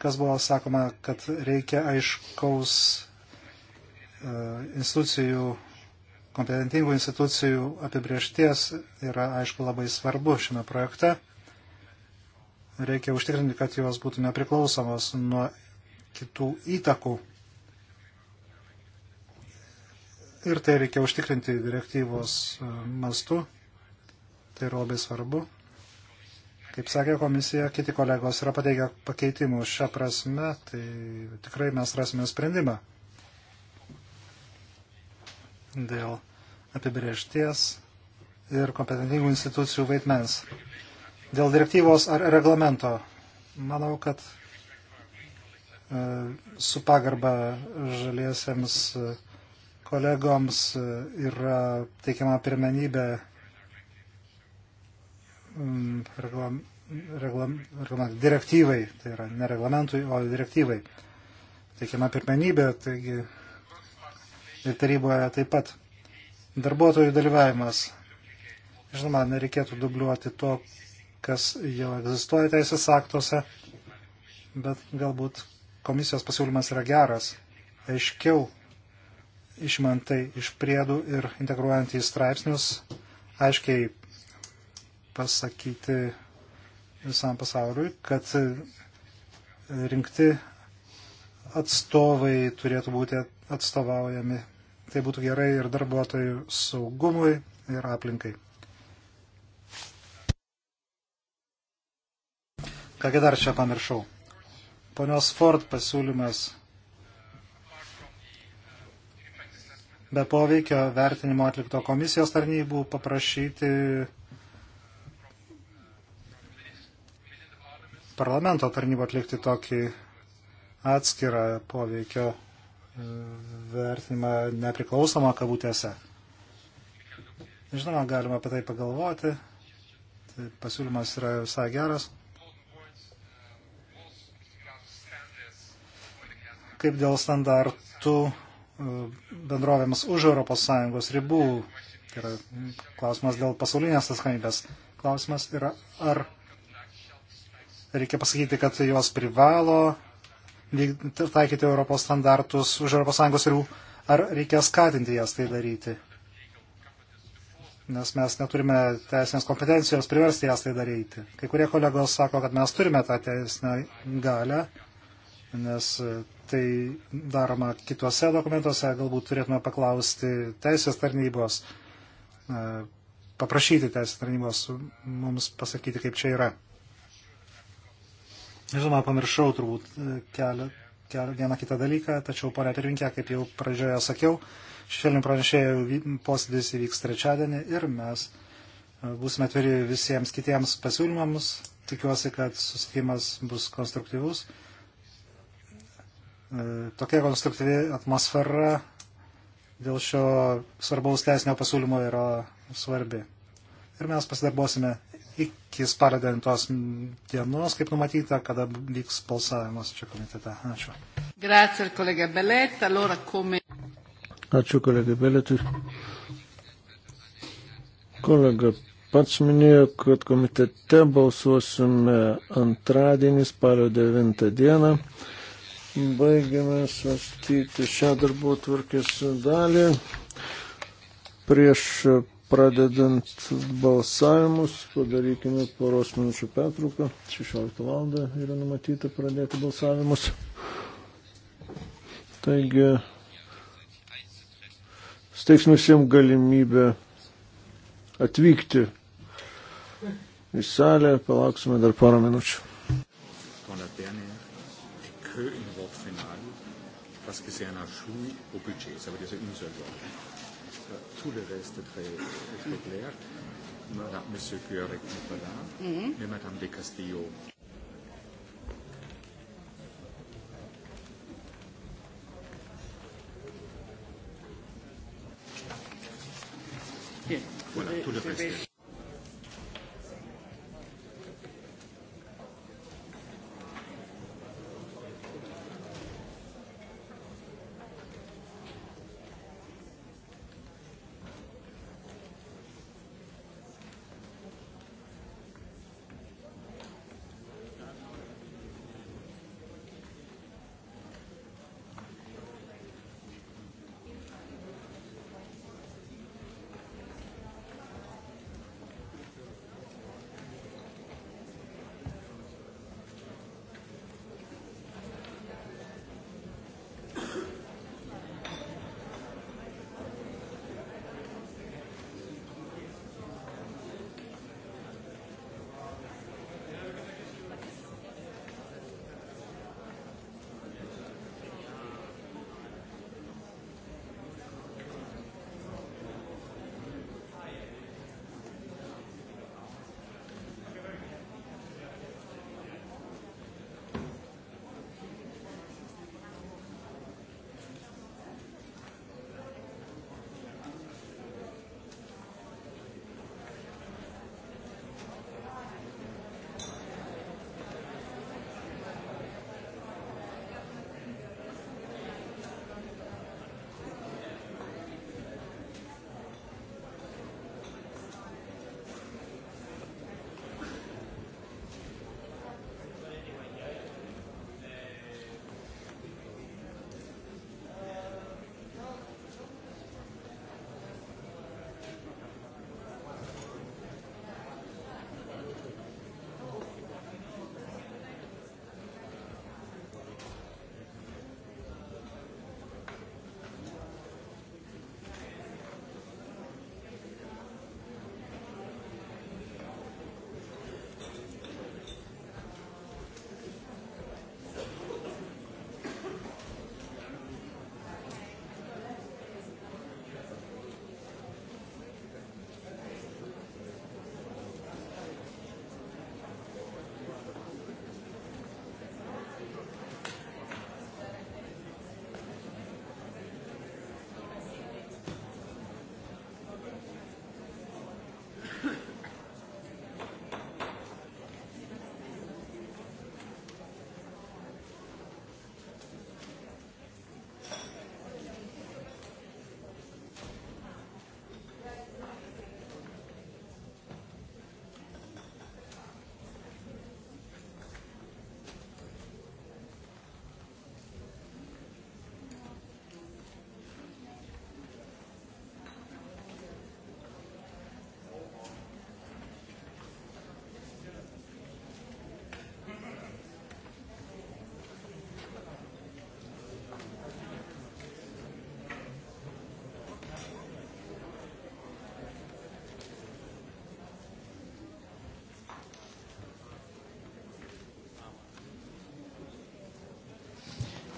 Kas buvo sakoma, kad reikia aiškaus e, institucijų kompetentingų institucijų apibriešties yra, aišku, labai svarbu šiame projekte. Reikia užtikrinti, kad jos būtų nepriklausomos nuo kitų įtakų. Ir tai reikia užtikrinti direktyvos e, mastu. Tai yra labai svarbu. Kaip sakė komisija, kiti kolegos yra pateikę pakeitimų šią prasme, tai tikrai mes rasime sprendimą dėl apibriešties ir kompetentingų institucijų vaidmens. Dėl direktyvos ar reglamento, manau, kad e, su pagarba žaliesiems e, kolegoms e, yra teikiama pirmenybė mm, reglam, reglam, reglam, direktyvai, tai yra ne reglamentui, o direktyvai. Teikiama pirmenybė, taigi ir taryboje taip pat. Darbuotojų dalyvavimas. Žinoma, nereikėtų dubliuoti to, kas jau egzistuoja teisės aktuose, bet galbūt komisijos pasiūlymas yra geras. Aiškiau išimant tai iš priedų ir integruojant į straipsnius, aiškiai pasakyti visam pasauliui, kad rinkti atstovai turėtų būti atstovaujami Tai būtų gerai ir darbuotojų saugumui ir aplinkai. Kągi dar čia pamiršau. Ponios Ford pasiūlymas be poveikio vertinimo atlikto komisijos tarnybų paprašyti parlamento tarnybą atlikti tokį atskirą poveikio vertinimą nepriklausomą kabutėse. Žinoma, galima apie tai pagalvoti. Tai pasiūlymas yra visai geras. Kaip dėl standartų e, bendrovėms už ES ribų, tai yra klausimas dėl pasaulinės atsakomybės. Klausimas yra, ar reikia pasakyti, kad jos privalo taikyti Europos standartus už ES ribų, ar reikia skatinti jas tai daryti. Nes mes neturime teisinės kompetencijos priversti jas tai daryti. Kai kurie kolegos sako, kad mes turime tą teisinę galę, nes tai daroma kituose dokumentuose, galbūt turėtume paklausti teisės tarnybos, e, paprašyti teisės tarnybos mums pasakyti, kaip čia yra. Žinoma, pamiršau turbūt e, kelią, kelią, vieną kitą dalyką, tačiau, ponia pirminkė, kaip jau pradžioje sakiau, šešėlinių pranešėjų posėdis įvyks trečiadienį ir mes e, būsime atviri visiems kitiems pasiūlymams. Tikiuosi, kad susitikimas bus konstruktyvus. E, tokia konstruktyvi atmosfera dėl šio svarbaus teisinio pasiūlymo yra svarbi. Ir mes pasidarbuosime iki spalio 9 dienos, kaip numatyta, kada vyks balsavimas čia komitete. Ačiū. Grazie, kolega Belet. Allora, come... Ačiū, kolega Beletui. Kolega pats minėjo, kad komitete balsuosime antradienį spalio 9 dieną. Baigiame svarstyti šią darbų tvarkės dalį. Prieš pradedant balsavimus, padarykime poros minučių pertrauką. 16 val. yra numatyta pradėti balsavimus. Taigi, steiksime visiems galimybę atvykti į salę, palauksime dar porą minučių. Köhen-Wortfinale, was gesehen nach Schul-Budgets, aber das ist unser Job tout le reste est très, est très clair. Madame, Monsieur Cuirec n'est pas là, mm -hmm. mais Madame de Castillo Bien. Voilà, tout le reste.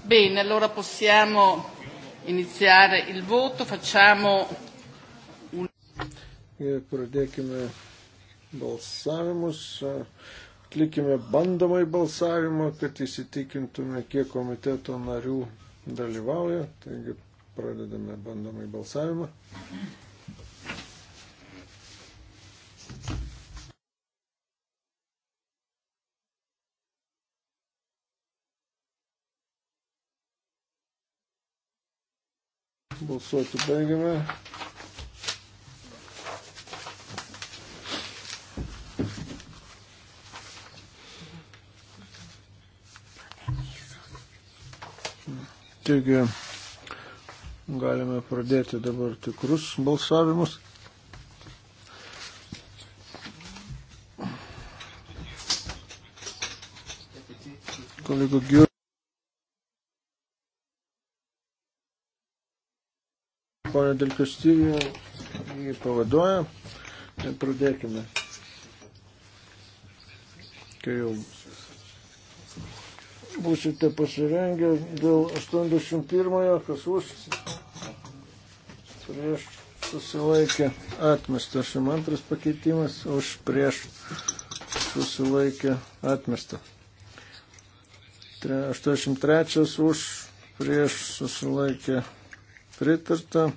Bene, allora possiamo iniziare il voto, facciamo un... E pradėkime balsavimus, atlikime bandomai balsavimą, kad įsitikintume, kiek komiteto narių dalyvauja. Taigi pradedame bandomai balsavimą. Mm -hmm. Balsuoti baigiame. Taigi galime pradėti dabar tikrus balsavimus. Kolego Giu Pone Delkustijų jį pavaduoja. Pradėkime. Kai jau būsite pasirengę dėl 81-ojo, kas už prieš susilaikė atmestą. 82 pakeitimas už prieš susilaikė atmestą. 83 už prieš susilaikė atmestą pritarta,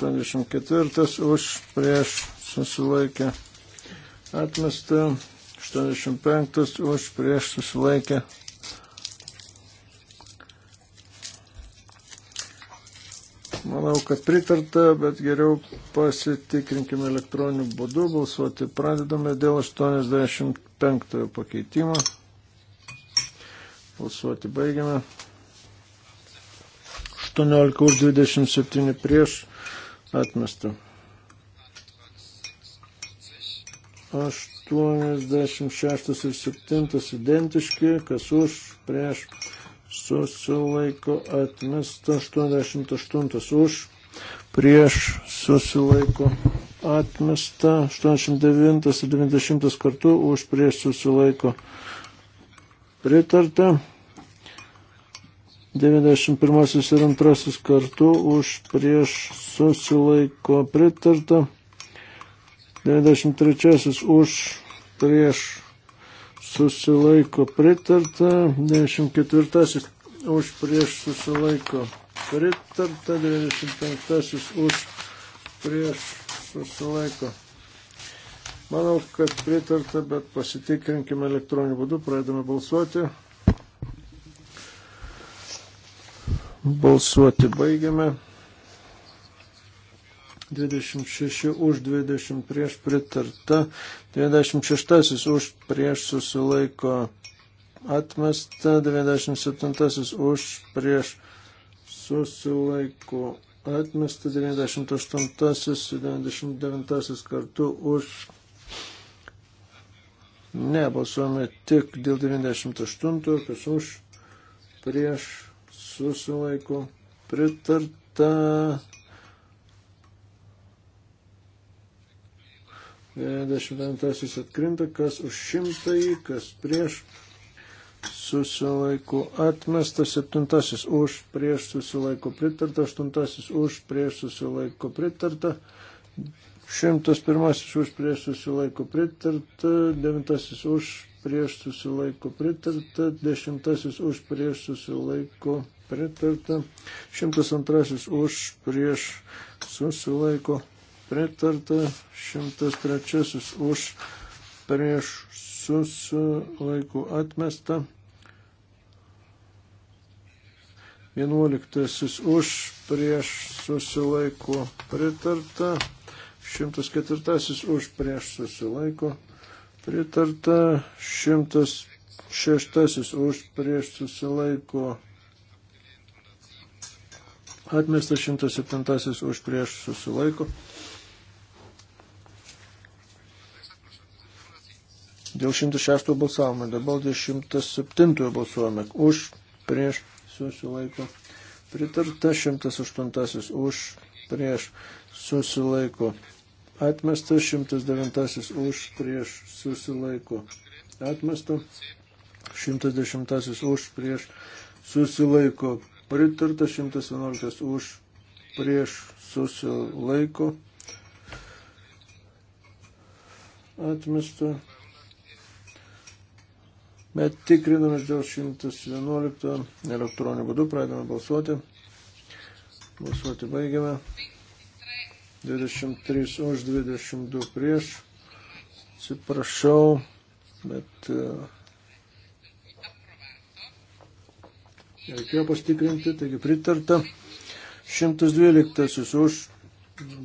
84 už prieš susilaikę atmesta, 85 už prieš susilaikę. Manau, kad pritarta, bet geriau pasitikrinkime elektroniniu būdu, balsuoti pradedame dėl 85 pakeitimo. Balsuoti baigiame. 18 už 27 prieš atmestą. 86 ir 7 identiški, kas už prieš susilaiko atmestą. 88 už prieš susilaiko atmestą. 89 ir 90 kartu už prieš susilaiko pritarta. 91 ir 2 kartu už prieš susilaiko pritarta. 93 už prieš susilaiko pritarta. 94 už prieš susilaiko pritarta. 95 už prieš susilaiko. Manau, kad pritarta, bet pasitikrinkime elektroniniu būdu, pradedame balsuoti. Balsuoti baigiame. 26 už 20 prieš pritarta, 96 už prieš susilaiko atmesta, 97 už prieš susilaiko atmesta, 98 99 kartu už. Ne, balsuojame tik dėl 98, kas už prieš susilaiko pritarta. 95 atkrinta, kas už šimtąjį, kas prieš susilaiko atmestas, septintasis už prieš susilaiko pritarta, aštuntasis už prieš susilaiko pritarta, šimtas pirmasis už prieš susilaiko pritarta, devintasis už prieš susilaiko pritarta, dešimtasis už prieš susilaiko pritarta pritarta. 102 už prieš susilaiko pritarta. 103 už prieš susilaiko atmesta. 11 už prieš susilaiko pritarta. 104 už prieš susilaiko pritarta. 106 už prieš susilaiko Atmestas 107 už prieš susilaiko. Dėl 106 balsavome, dabar dėl 107 balsuojame. Už prieš susilaiko. Pritarta 108 už prieš susilaiko. Atmestas 109 už prieš susilaiko. Atmestas 110 už prieš susilaiko pritarta 111 už prieš susilaiko atmesta. Bet tikrinamės dėl 111 elektroninių būdų, pradedame balsuoti. Balsuoti baigiame. 23 už 22 prieš. Atsiprašau, bet uh, reikėjo pastikrinti, taigi pritarta. 112 už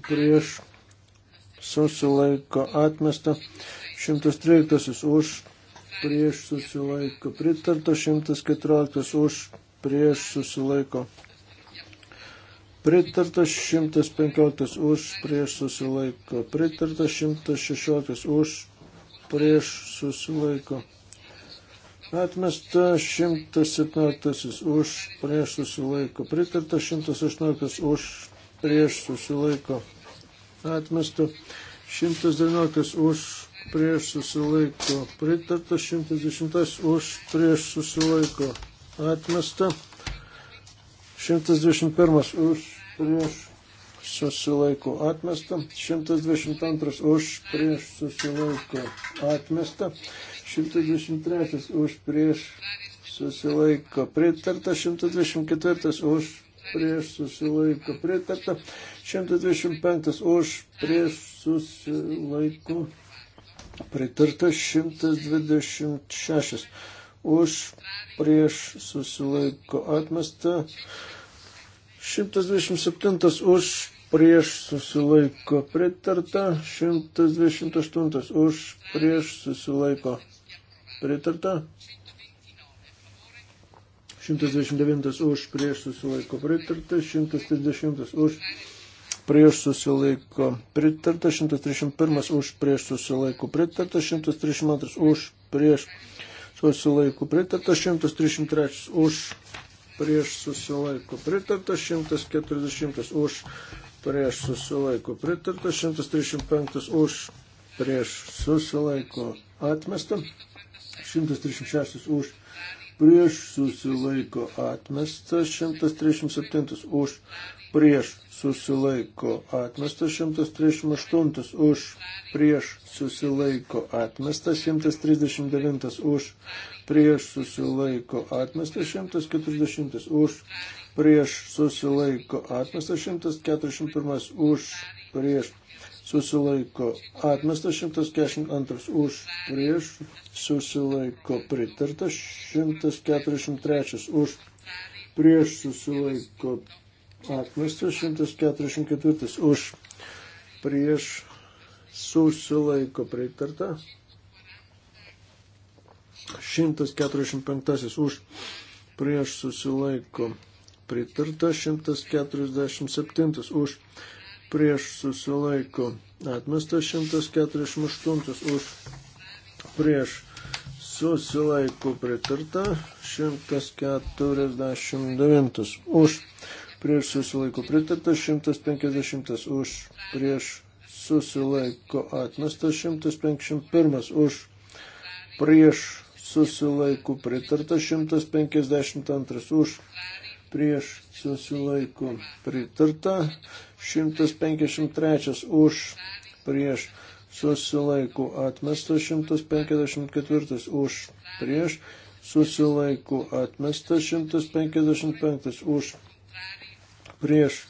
prieš susilaiko atmesta, 113 už prieš susilaiko pritarta, 114 už prieš susilaiko Pritartas 115 už prieš susilaiko. Pritartas 116 už prieš susilaiko. Atmesta 117 už, prieš susilaiko. Pritarta 118 už, prieš susilaiko. Atmesta 119 už, prieš susilaiko. Pritarta 110 už, prieš susilaiko. Atmesta 121 už, prieš susilaiko atmesta, 122 už prieš susilaiko atmesta, 123 už prieš susilaiko pritarta, 124 už prieš susilaiko pritarta, 125 už prieš susilaiko pritarta, 126 už prieš susilaiko atmesta. 127 už, prieš susilaiko pritarta, 128 už, prieš susilaiko pritarta, 129 už, prieš susilaiko pritarta, 130 už, prieš susilaiko pritarta, 131 už, prieš susilaiko pritarta, 132 už, prieš susilaiko pritarta, 133 už, prieš susilaiko pritarta, 140 už prieš susilaiko pritarta, 135 už prieš susilaiko atmesta, 136 už prieš susilaiko atmesta, 137 už prieš susilaiko atmestas, 138 už prieš susilaiko atmestas, 139 už prieš susilaiko atmestas, 140 už prieš susilaiko atmestas, 141 už prieš susilaiko atmestas 142 už prieš, susilaiko pritartas 143 už prieš susilaiko atmestas 144 už prieš susilaiko pritarta 145 už prieš susilaiko pritarta 147 už prieš susilaiko atmestas 148 už prieš susilaiko pritarta 149 už prieš susilaiko pritarta, 150 už, prieš susilaiko atmestas, 151 už, prieš susilaiko pritarta, 152 už, prieš susilaiko pritarta, 153 už, prieš susilaiko atmestas, 154 už, prieš susilaiko atmestas, 155 už prieš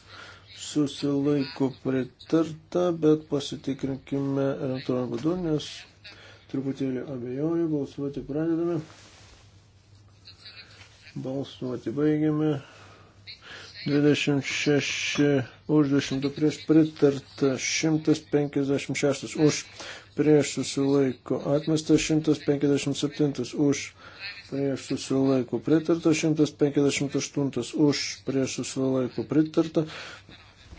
susilaiko pritarta, bet pasitikrinkime elektroniniu būdu, nes truputėlį abejoju, balsuoti pradedame. Balsuoti baigiame. 26 už 20 prieš pritarta, 156 už prieš susilaiko atmestas, 157 už prieš susilaiko pritarta, 158 už prieš susilaiko pritarta,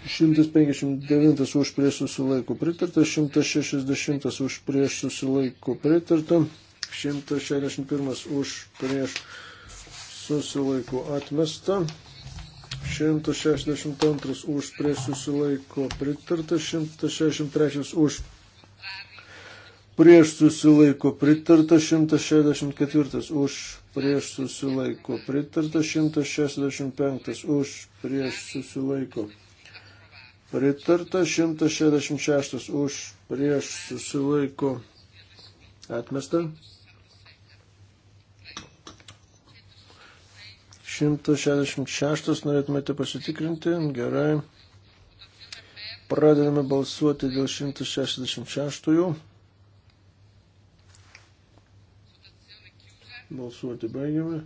159 už prieš susilaiko pritarta, 160 už prieš susilaiko pritarta, 161 už prieš susilaiko atmesta. 162 už prieš susilaiko pritarta, 163 už prieš susilaiko pritarta 164, už prieš susilaiko pritarta 165, už prieš susilaiko pritarta 166, už prieš susilaiko atmesta. 166 norėtumėte pasitikrinti, gerai. Pradedame balsuoti dėl 166. Balsuoti baigiame.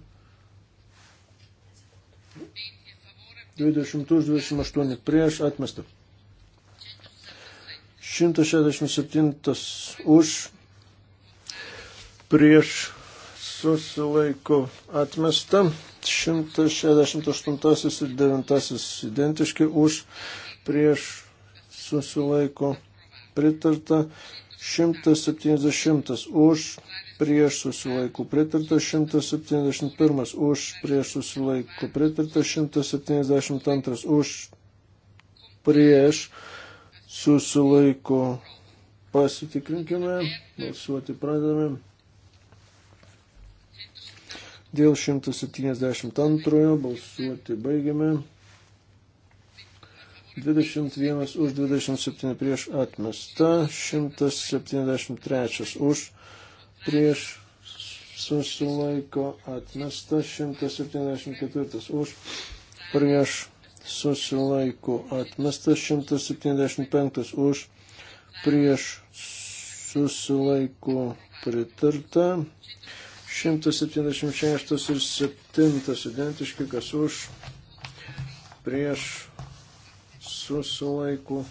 20 už 28 prieš atmestą. 167 už prieš susilaiko atmestą. 168 ir 9 identiški už prieš susilaiko pritarta. 170 už prieš susilaikų pritarta 171, už prieš susilaikų pritarta 172, už prieš susilaikų pasitikrinkime, balsuoti pradedame. Dėl 172 balsuoti baigiame. 21 už 27 prieš atmesta, 173 už prieš susilaiko atmestas 174 už, prieš susilaiko atmestas 175 už, prieš susilaiko pritarta 176 ir 7 identiški, kas už, prieš susilaiko.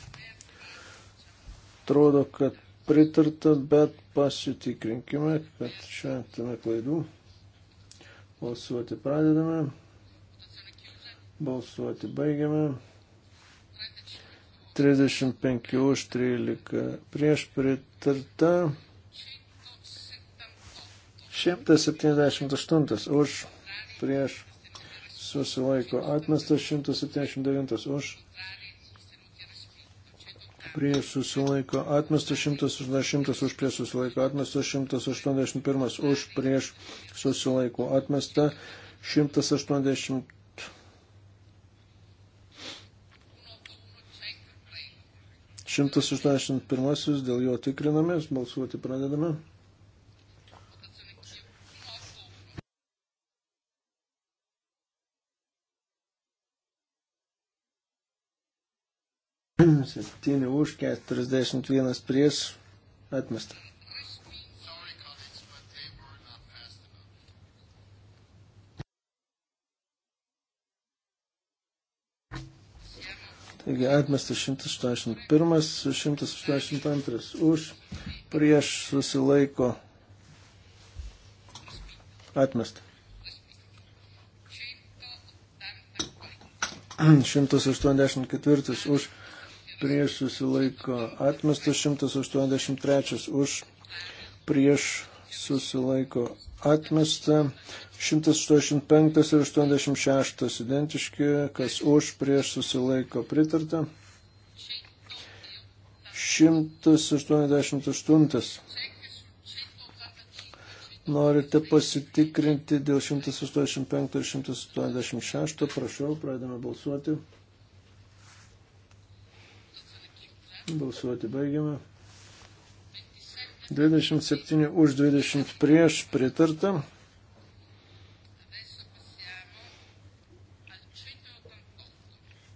Atrodo, kad pritarta, bet pasitikrinkime, kad šventame klaidų. Balsuoti pradedame. Balsuoti baigiame. 35 už 13 prieš pritarta. 178 už prieš susilaiko atmestas 179 už prieš susilaiko atmestas 180 už prieš susilaiko atmestas 181 už prieš susilaiko atmestą 180. Šimtas aštuoniasdešimt pirmasis, dėl jo tikrinamės, balsuoti pradedame. 7 už, 41 prieš, atmesta. Taigi atmestas 181, 182 už, prieš susilaiko atmestą. 184 už prieš susilaiko atmestas 183 už prieš susilaiko atmesta 185 ir 86 identiški, kas už prieš susilaiko pritarta. 188. Norite pasitikrinti dėl 185 ir 186, prašau, pradame balsuoti. Balsuoti baigiame. 27 už 20 prieš pritarta.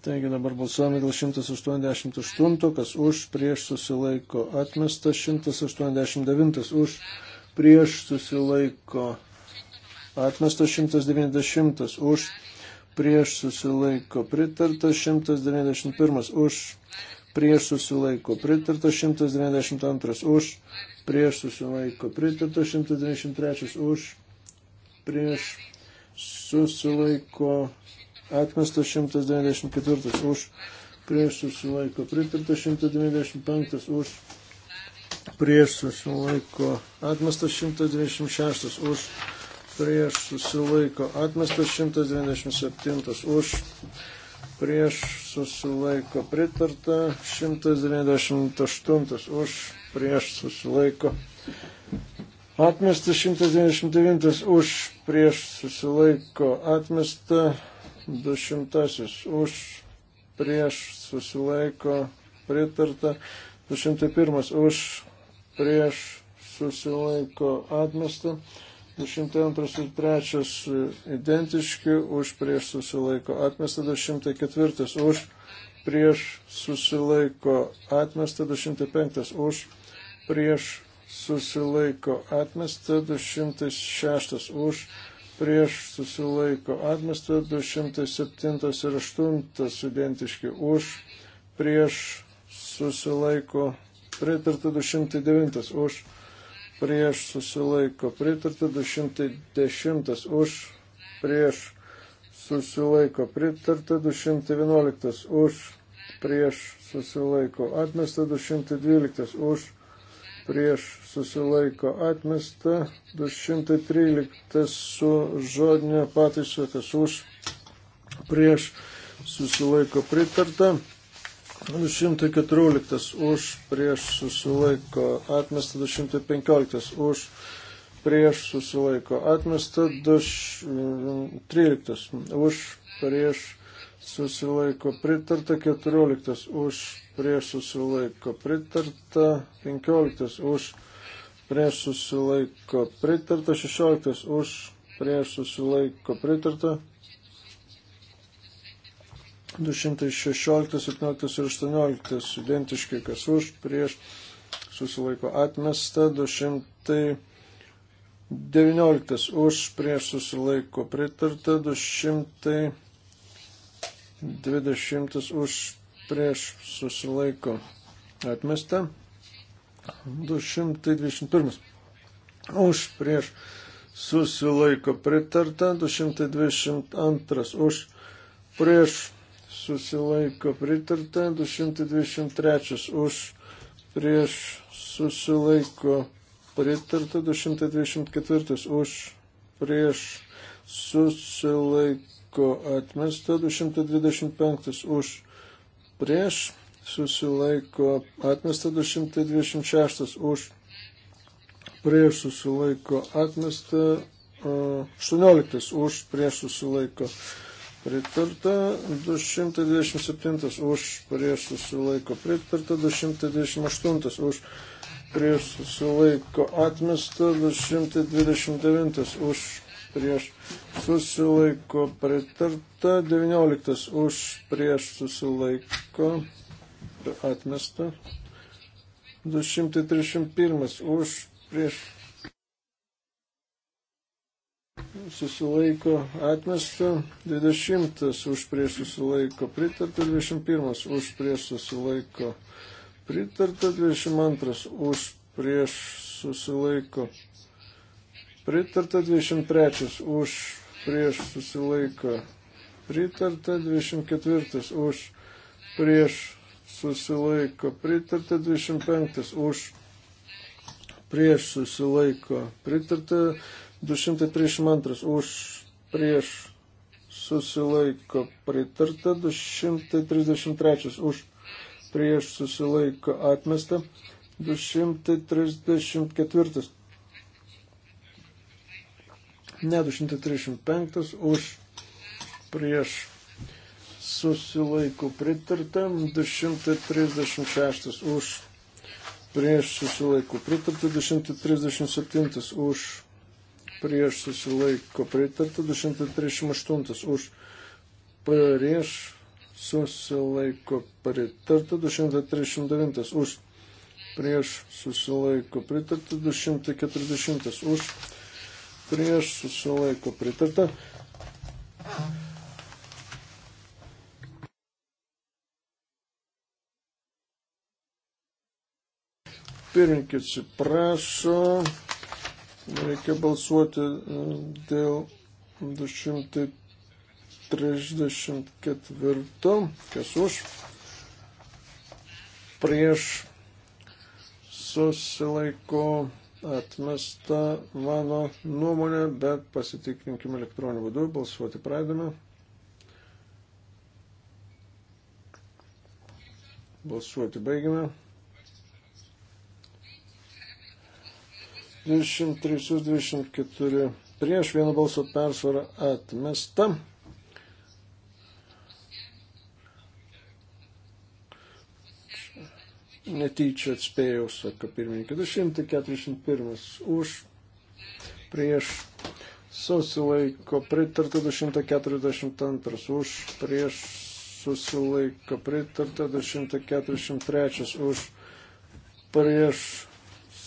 Taigi dabar balsuojame dėl 188, kas už prieš susilaiko atmesta, 189 už prieš susilaiko atmesta, 190 už prieš susilaiko pritarta, 191 už prieš susilaiko pritarta 192 už, prieš susilaiko pritarta 193 už, prieš susilaiko atmestas 194 už, prieš susilaiko pritarta 195 už, prieš susilaiko atmestas 126 už, prieš susilaiko atmestas 197 už prieš susilaiko pritarta, 198 už, prieš susilaiko atmesta, 199 už, prieš susilaiko atmesta, 200 už, prieš susilaiko pritarta, 201 už, prieš susilaiko atmesta. 102 ir 3 e, identiški, už prieš susilaiko atmesta, 104 už prieš susilaiko atmesta, 205 už prieš susilaiko atmesta, 206 už prieš susilaiko atmesta, 207 ir 8 identiški už prieš susilaiko pritarta, 209 už prieš prieš susilaiko pritarta, 210 už prieš susilaiko pritarta, 211 už prieš susilaiko atmesta, 212 už prieš susilaiko atmesta, 213 su žodinė pataisotas už prieš susilaiko pritarta. 214 už prieš susilaiko atmesta, 215 už prieš susilaiko atmesta, 13 už prieš susilaiko pritarta, 14 už prieš susilaiko pritarta, 15 už prieš susilaiko pritarta, 16 už prieš susilaiko pritarta. 216, 17 ir 18 identiški, kas už, prieš susilaiko atmesta, 219 už, prieš susilaiko pritarta, 220 už, prieš susilaiko atmesta, 221 už, prieš susilaiko pritarta, 222 už, prieš susilaiko pritarta, 223 už prieš susilaiko pritarta, 224 už prieš susilaiko atmesta, 225 už prieš susilaiko atmesta, 226 už prieš susilaiko atmesta, 18 už prieš susilaiko atmesta. Pritarta 227 už prieš susilaiko. Pritarta 228 už prieš susilaiko. Atmesta 229 už prieš susilaiko. Pritarta 19 už prieš susilaiko. Atmesta 231 už prieš susilaiko atmesta, 20 už prieš susilaiko pritarta, 21 už prieš susilaiko pritarta, 22 už prieš susilaiko pritarta, 23 už prieš susilaiko pritarta, 24 už prieš susilaiko pritarta, 25 už prieš susilaiko pritarta. 232 už prieš susilaiko pritarta, 233 už prieš susilaiko atmesta, 234. Ne 235 už prieš susilaiko pritarta, 236 už prieš susilaiko pritarta, 237 už prieš susilaiko pritarta, 238 už prieš susilaiko pritarta, 239 už prieš susilaiko pritarta, 240 už prieš susilaiko pritarta. Pirminkit, atsiprašau. Reikia balsuoti mm, dėl 234, kas už, prieš susilaiko atmesta mano nuomonė, bet pasitikrinkime elektroniniu būdu, balsuoti pradame. Balsuoti baigiame. 23 už 24 prieš vieno balso persvarą atmesta. Netyčia atspėjau, sako pirmininkė. 241 už prieš susilaiko pritarta 242 už prieš susilaiko pritarta 243 už prieš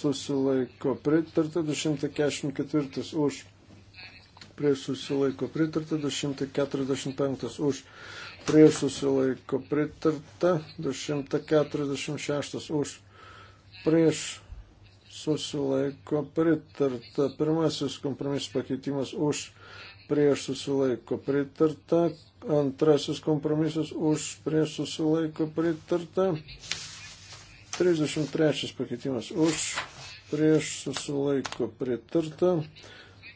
susilaiko pritarta, 244 už, prieš susilaiko pritarta, 245 už, prieš susilaiko pritarta, 246 už, prieš susilaiko pritarta, pirmasis kompromisas pakeitimas už, prieš susilaiko pritarta, antrasis kompromisas už, prieš susilaiko pritarta. 33 pakeitimas už, prieš susilaiko pritarta.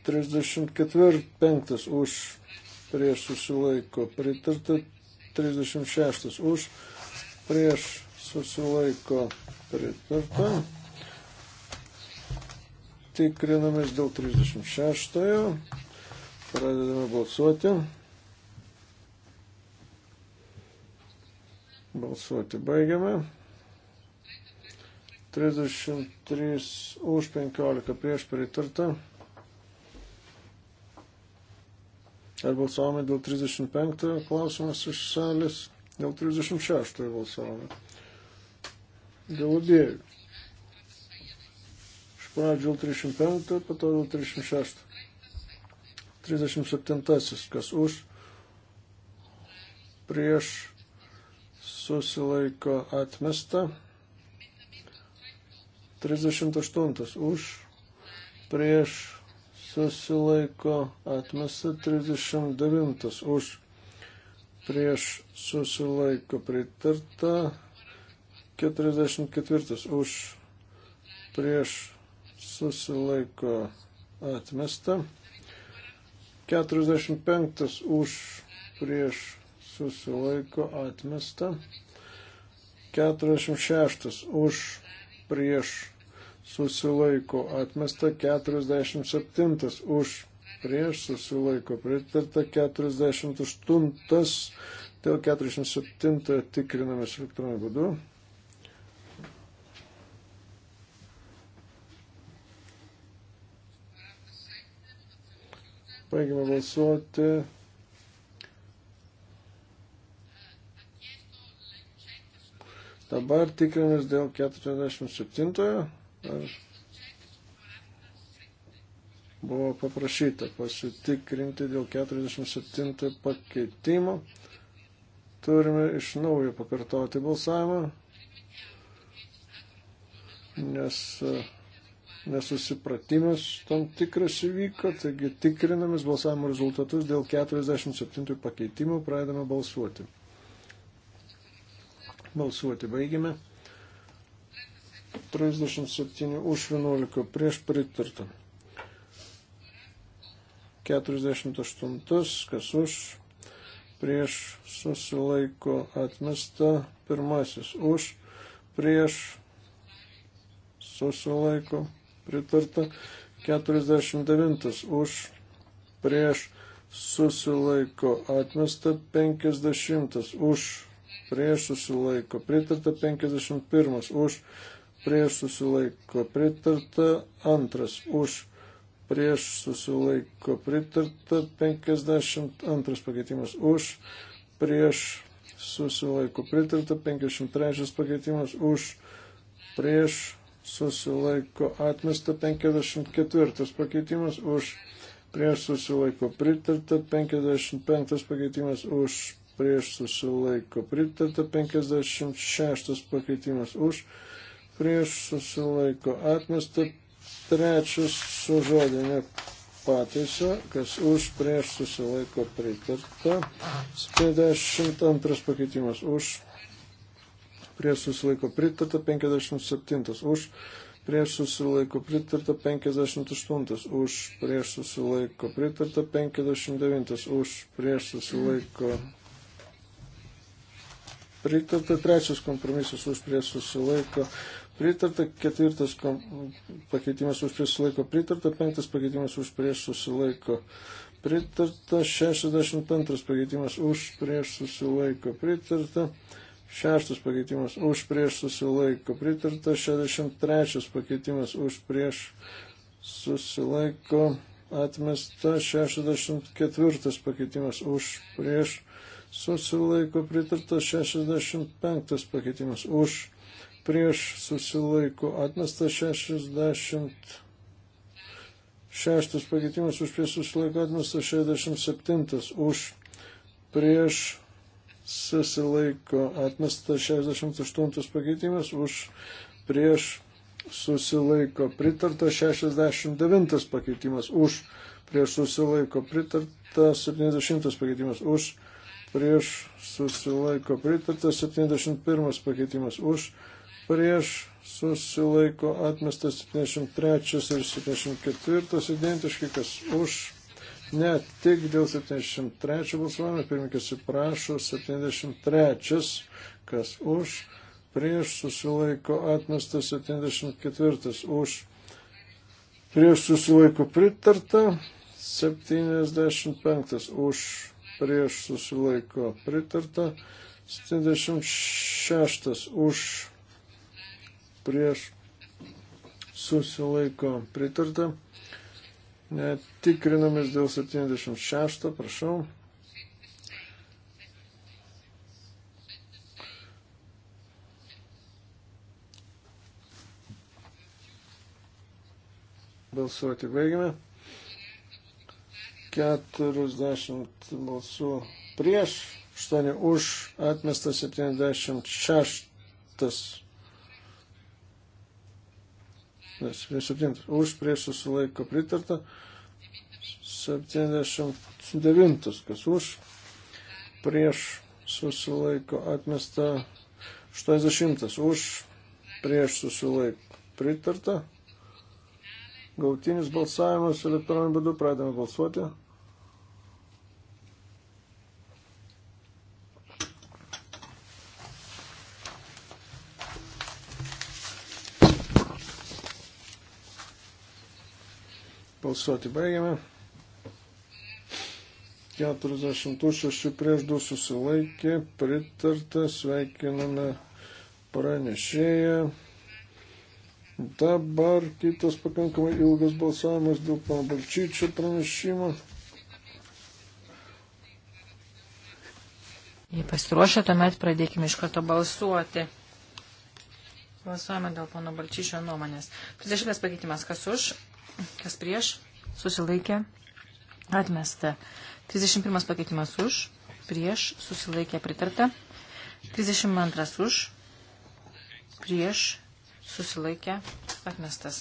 34 5 už prieš susilaiko pritarta. 36 už prieš susilaiko pritarta. Tikrinamės dėl 36. Pradedame balsuoti. Balsuoti baigiame. 33 už 15 prieš pritarta. Ar balsavome dėl 35 klausimas iš salės, dėl 36 balsavome. Dėl abiejų. Iš pradžių dėl 35, po to dėl 36. 37. Kas už, prieš, susilaiko atmesta. 38 už, prieš susilaiko atmesta 39 už, prieš susilaiko pritarta 44 už, prieš susilaiko atmesta 45 už, prieš susilaiko atmesta 46 už prieš susilaiko atmesta 47 už prieš susilaiko pritarta 48 dėl 47 tikrinamas elektroniniu būdu. Baigime balsuoti. Dabar tikrinamės dėl 47 buvo paprašyta pasitikrinti dėl 47 pakeitimo. Turime iš naujo pakartoti balsavimą, nes e, nesusipratimas tam tikras įvyko, taigi tikrinamės balsavimo rezultatus dėl 47 pakeitimų, pradedame balsuoti. Balsuoti baigime. 37 už 11 prieš pritartą. 48 kas už prieš susilaiko atmesta. Pirmasis už prieš susilaiko pritarta. 49 už prieš susilaiko atmesta. 50 už prieš susilaiko pritarta. 51 už prieš prieš susilaiko pritarta, antras už prieš susilaiko pritarta, 52 pakeitimas už prieš susilaiko pritarta, 53 pakeitimas už prieš susilaiko atmesta, 54 pakeitimas už prieš susilaiko pritarta, 55 pakeitimas už prieš susilaiko pritarta, 56 pakeitimas už prieš susilaiko pritarta prieš susilaiko atmesta, trečias su žodinė pataisa, kas už prieš susilaiko pritarta, 52 pakeitimas už prieš susilaiko pritarta, 57 už prieš susilaiko pritarta 58, už prieš susilaiko pritarta 59, už prieš susilaiko pritarta trečias kompromisas, už prieš susilaiko pritarta, ketvirtas pakeitimas už prieš susilaiko pritarta, penktas pakeitimas už prieš susilaiko pritarta, šešiasdešimt antras pakeitimas už prieš susilaiko pritarta, šeštas pakeitimas už prieš susilaiko pritarta, šešiasdešimt trečias pakeitimas už prieš susilaiko atmesta, šešiasdešimt ketvirtas pakeitimas už prieš susilaiko pritarta, šešiasdešimt penktas pakeitimas už prieš prieš susilaiko atmestas 66 pakeitimas už prieš susilaiko atmestas 67 už prieš susilaiko atmestas 68 pakeitimas už prieš susilaiko pritarta 69 pakeitimas už prieš susilaiko pritarta 70 pakeitimas už prieš susilaiko pritarta 71 pakeitimas už prieš susilaiko atmestas 73 ir 74 identiški, kas už. Ne, tik dėl 73 balsuojame, pirmininkas įprašo, 73, kas už, prieš susilaiko atmestas 74, už, prieš susilaiko pritarta, 75, už, prieš susilaiko pritarta, 76, už, prieš susilaiko pritarta. Tikrinamės dėl 76, prašau. Balsuoti baigime. 40 balsų prieš, 8 už, atmestas 76 77. Už prieš susilaiko pritarta. 79. Kas už prieš susilaiko atmesta. 80. Už prieš susilaiko pritarta. Gautinis balsavimas elektroniniu būdu pradėme balsuoti. Balsuoti baigiame. 46 prieš 2 susilaikė, pritarta, sveikiname pranešėją. Dabar kitas pakankamai ilgas balsavimas dėl pana Balčyčio pranešimo. Jei pasiruošę, tuomet pradėkime iš karto balsuoti. Balsuojame dėl pono Balčyčio nuomonės. 30 pakeitimas, kas už, Kas prieš? Susilaikė. Atmesta. 31 pakeitimas už. Prieš. Susilaikė. Pritarta. 32 už. Prieš. Susilaikė. Atmestas.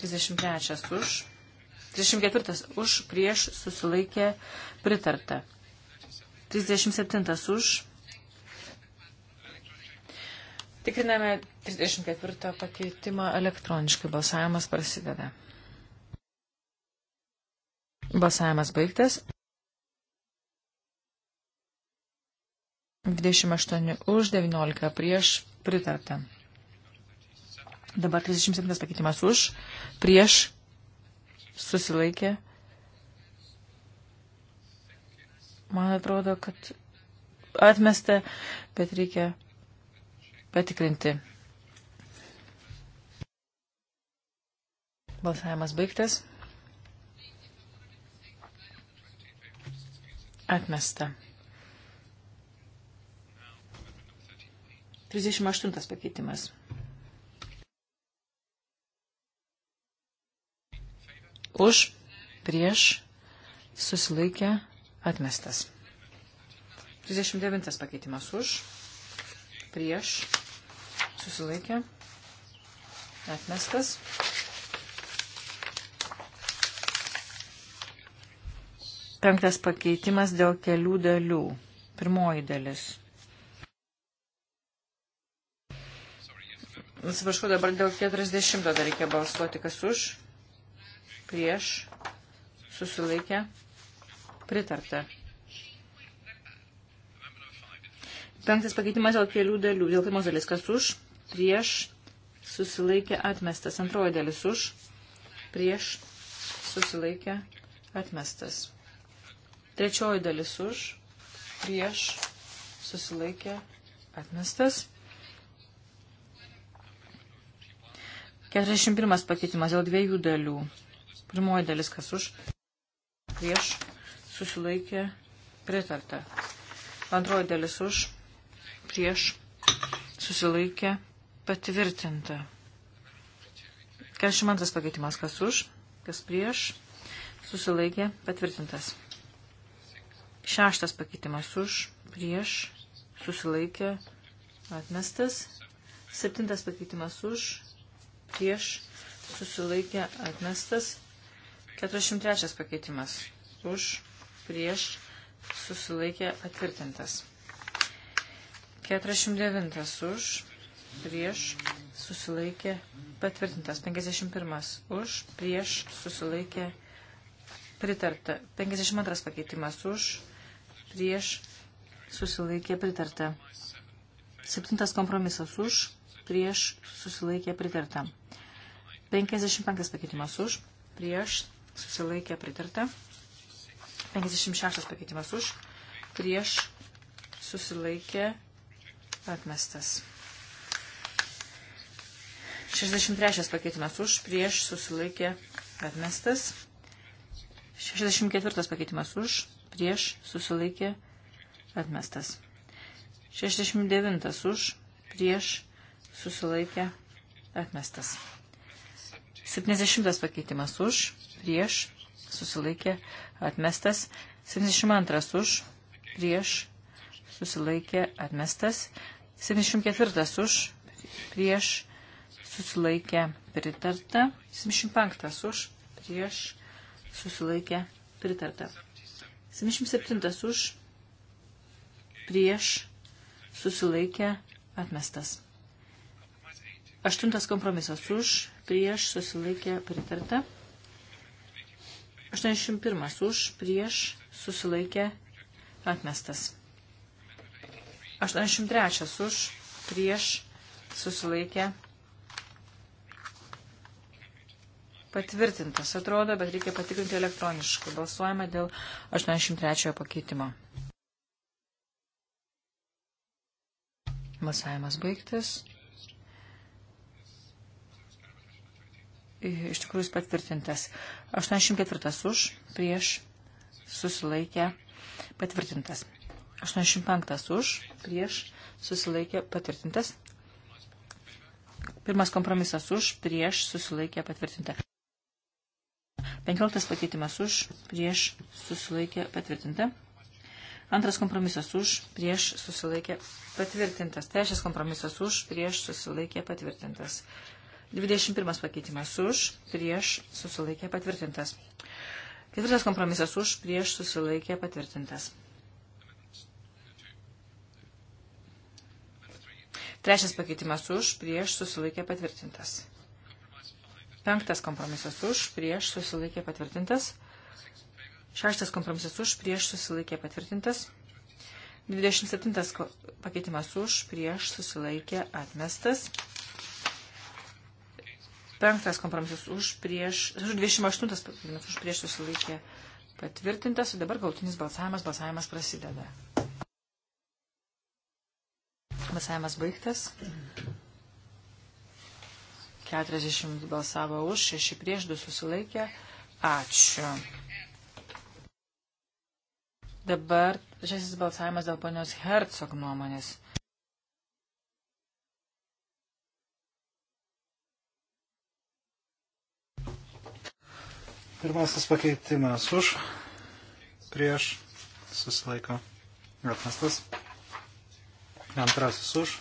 33 už. 34 už. Prieš. Susilaikė. Pritarta. 37 už. Tikriname 34 pakeitimą elektroniškai. Balsavimas prasideda. Balsavimas baigtas. 28 už, 19 prieš, pritarta. Dabar 37 pakeitimas už, prieš, susilaikė. Man atrodo, kad atmesta, bet reikia patikrinti. Balsavimas baigtas. Atmesta. 38 pakeitimas. Už, prieš, susilaikę, atmestas. 39 pakeitimas už, prieš, susilaikę, atmestas. Penktas pakeitimas dėl kelių dalių. Pirmoji dalis. Nusiprašau, dabar dėl 40 dar reikia balsuoti, kas už, prieš, susilaikę, pritarta. Penktas pakeitimas dėl kelių dalių. Dėl pirmos dalis, kas už, prieš, susilaikė, atmestas. Antroji dalis už, prieš, susilaikė, atmestas. Trečioji dalis už, prieš, susilaikė, atmestas. 41 pakeitimas dėl dviejų dalių. Pirmoji dalis kas už, prieš, susilaikė, pritarta. Antroji dalis už, prieš, susilaikė, patvirtinta. 42 pakeitimas kas už, kas prieš, susilaikė, patvirtintas. Šeštas pakeitimas už, prieš, susilaikė, atmestas. Septintas pakeitimas už, prieš, susilaikė, atmestas. 43 pakeitimas už, prieš, susilaikė, atvirtintas. 49 už, prieš, susilaikė, patvirtintas. 51 už, prieš, susilaikė, pritarta. 52 pakeitimas už, prieš susilaikė pritarta. Septintas kompromisas už, prieš susilaikė pritarta. 55 pakeitimas už, prieš susilaikė pritarta. 56 pakeitimas už, prieš susilaikė atmestas. 63 pakeitimas už, prieš susilaikė atmestas. 64 pakeitimas už, prieš, susilaikė, atmestas. 69 už, prieš, susilaikė, atmestas. 70 pakeitimas už, prieš, susilaikė, atmestas. 72 už, prieš, susilaikė, atmestas. 74 už, prieš, susilaikė, pritarta. 75 už, prieš, susilaikė, pritarta. 77 už, prieš, susilaikę, atmestas. 8 kompromisas už, prieš, susilaikę, pritarta. 81 už, prieš, susilaikę, atmestas. 83 už, prieš, susilaikę, atmestas. Patvirtintas atrodo, bet reikia patikrinti elektroniškai. Balsuojame dėl 83 pakeitimo. Balsavimas baigtas. Iš tikrųjų jis patvirtintas. 84 už, prieš, susilaikę, patvirtintas. 85 už, prieš, susilaikė, patvirtintas. Pirmas kompromisas už, prieš, susilaikė, patvirtinta. Penkioliktas pakeitimas už, prieš susilaikė patvirtinta. Antras kompromisas už, prieš susilaikė patvirtintas. Trečias kompromisas už, prieš susilaikė patvirtintas. 21 pakeitimas už, prieš susilaikė patvirtintas. Ketvirtas kompromisas už, prieš susilaikė patvirtintas. Trečias pakeitimas už, prieš susilaikė patvirtintas. Penktas kompromisas už, prieš susilaikė patvirtintas. Šeštas kompromisas už, prieš susilaikė patvirtintas. 27 pakeitimas už, prieš susilaikė atmestas. Penktas kompromisas už, prieš, 28 pakeitimas už, prieš susilaikė patvirtintas. Ir dabar gautinis balsavimas, balsavimas prasideda. Balsavimas baigtas. Mm. 40 balsavo už, 6 prieš, 2 susilaikė. Ačiū. Dabar šešis balsavimas dėl ponios Hercog nuomonės. Pirmasis pakeitimas už, prieš, susilaiko, atmestas. Antrasis už,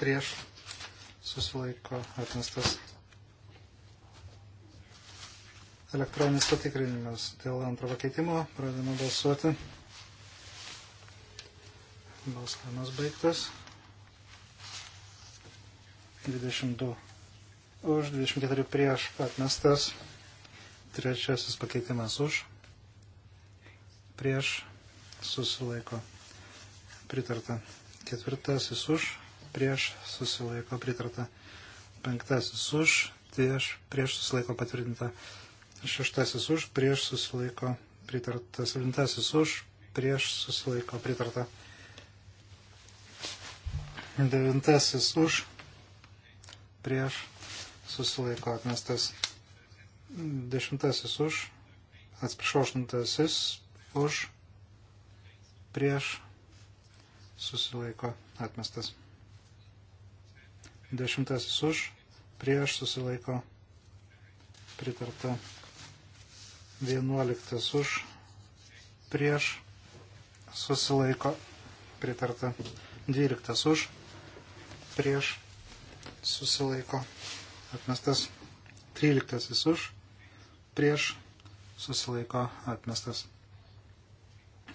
prieš, susilaiko atmestas. Elektroninis patikrinimas dėl antro pakeitimo. Pradėjome balsuoti. Balsavimas baigtas. 22 už, 24 prieš atmestas. Trečiasis pakeitimas už. Prieš susilaiko. Pritarta. Ketvirtasis už prieš susilaiko pritarta. Penktasis už, prieš, prieš susilaiko patvirtinta. Šeštasis už, prieš susilaiko pritarta. Septintasis už, prieš susilaiko pritarta. Devintasis už, prieš susilaiko atmestas. Dešimtasis už, atsiprašau, aštuntasis už, prieš susilaiko atmestas. Dešimtasis už, prieš susilaiko pritarta. Vienuoliktas už, prieš susilaiko pritarta. Dvyliktas už, prieš susilaiko atmestas. Tryliktasis už, prieš susilaiko atmestas.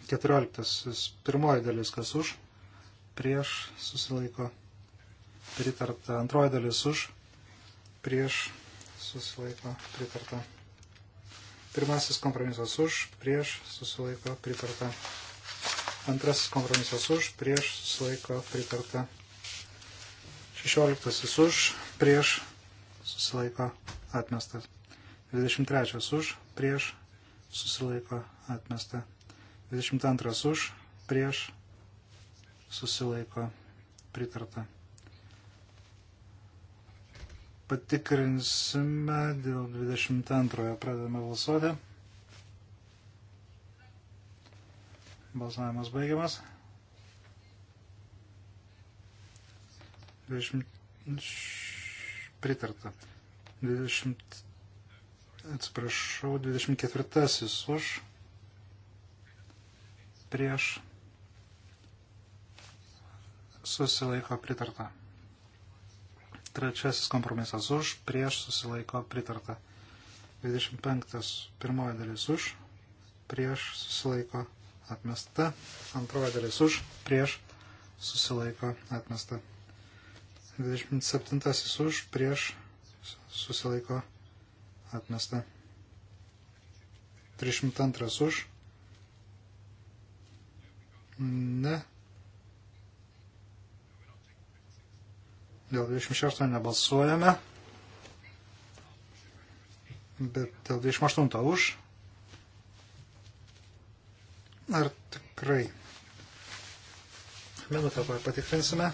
Keturioliktasis pirmoji dalis kas už, prieš susilaiko atmestas pritarta. Antroji dalis už, prieš, susilaiko, pritarta. Pirmasis kompromisas už, prieš, susilaiko, pritarta. Antrasis kompromisas už, prieš, susilaiko, pritarta. Šešioliktasis už, prieš, susilaiko, atmestas. 23 už, prieš, susilaiko, atmesta. 22 už, prieš, susilaiko, pritarta patikrinsime dėl 22 pradedame balsuoti. Balsavimas baigiamas. 20 pritarta. 20 atsiprašau, 24 už prieš susilaiko pritarta. Trečiasis kompromisas už, prieš susilaiko pritarta. 25. Pirmoji dalis už, prieš susilaiko atmesta. Antroji dalis už, prieš susilaiko atmesta. 27. už, prieš susilaiko atmesta. 302 už. Ne, Dėl 26 nebalsuojame. Bet dėl 28 už. Ar tikrai? Minutę patikrinsime.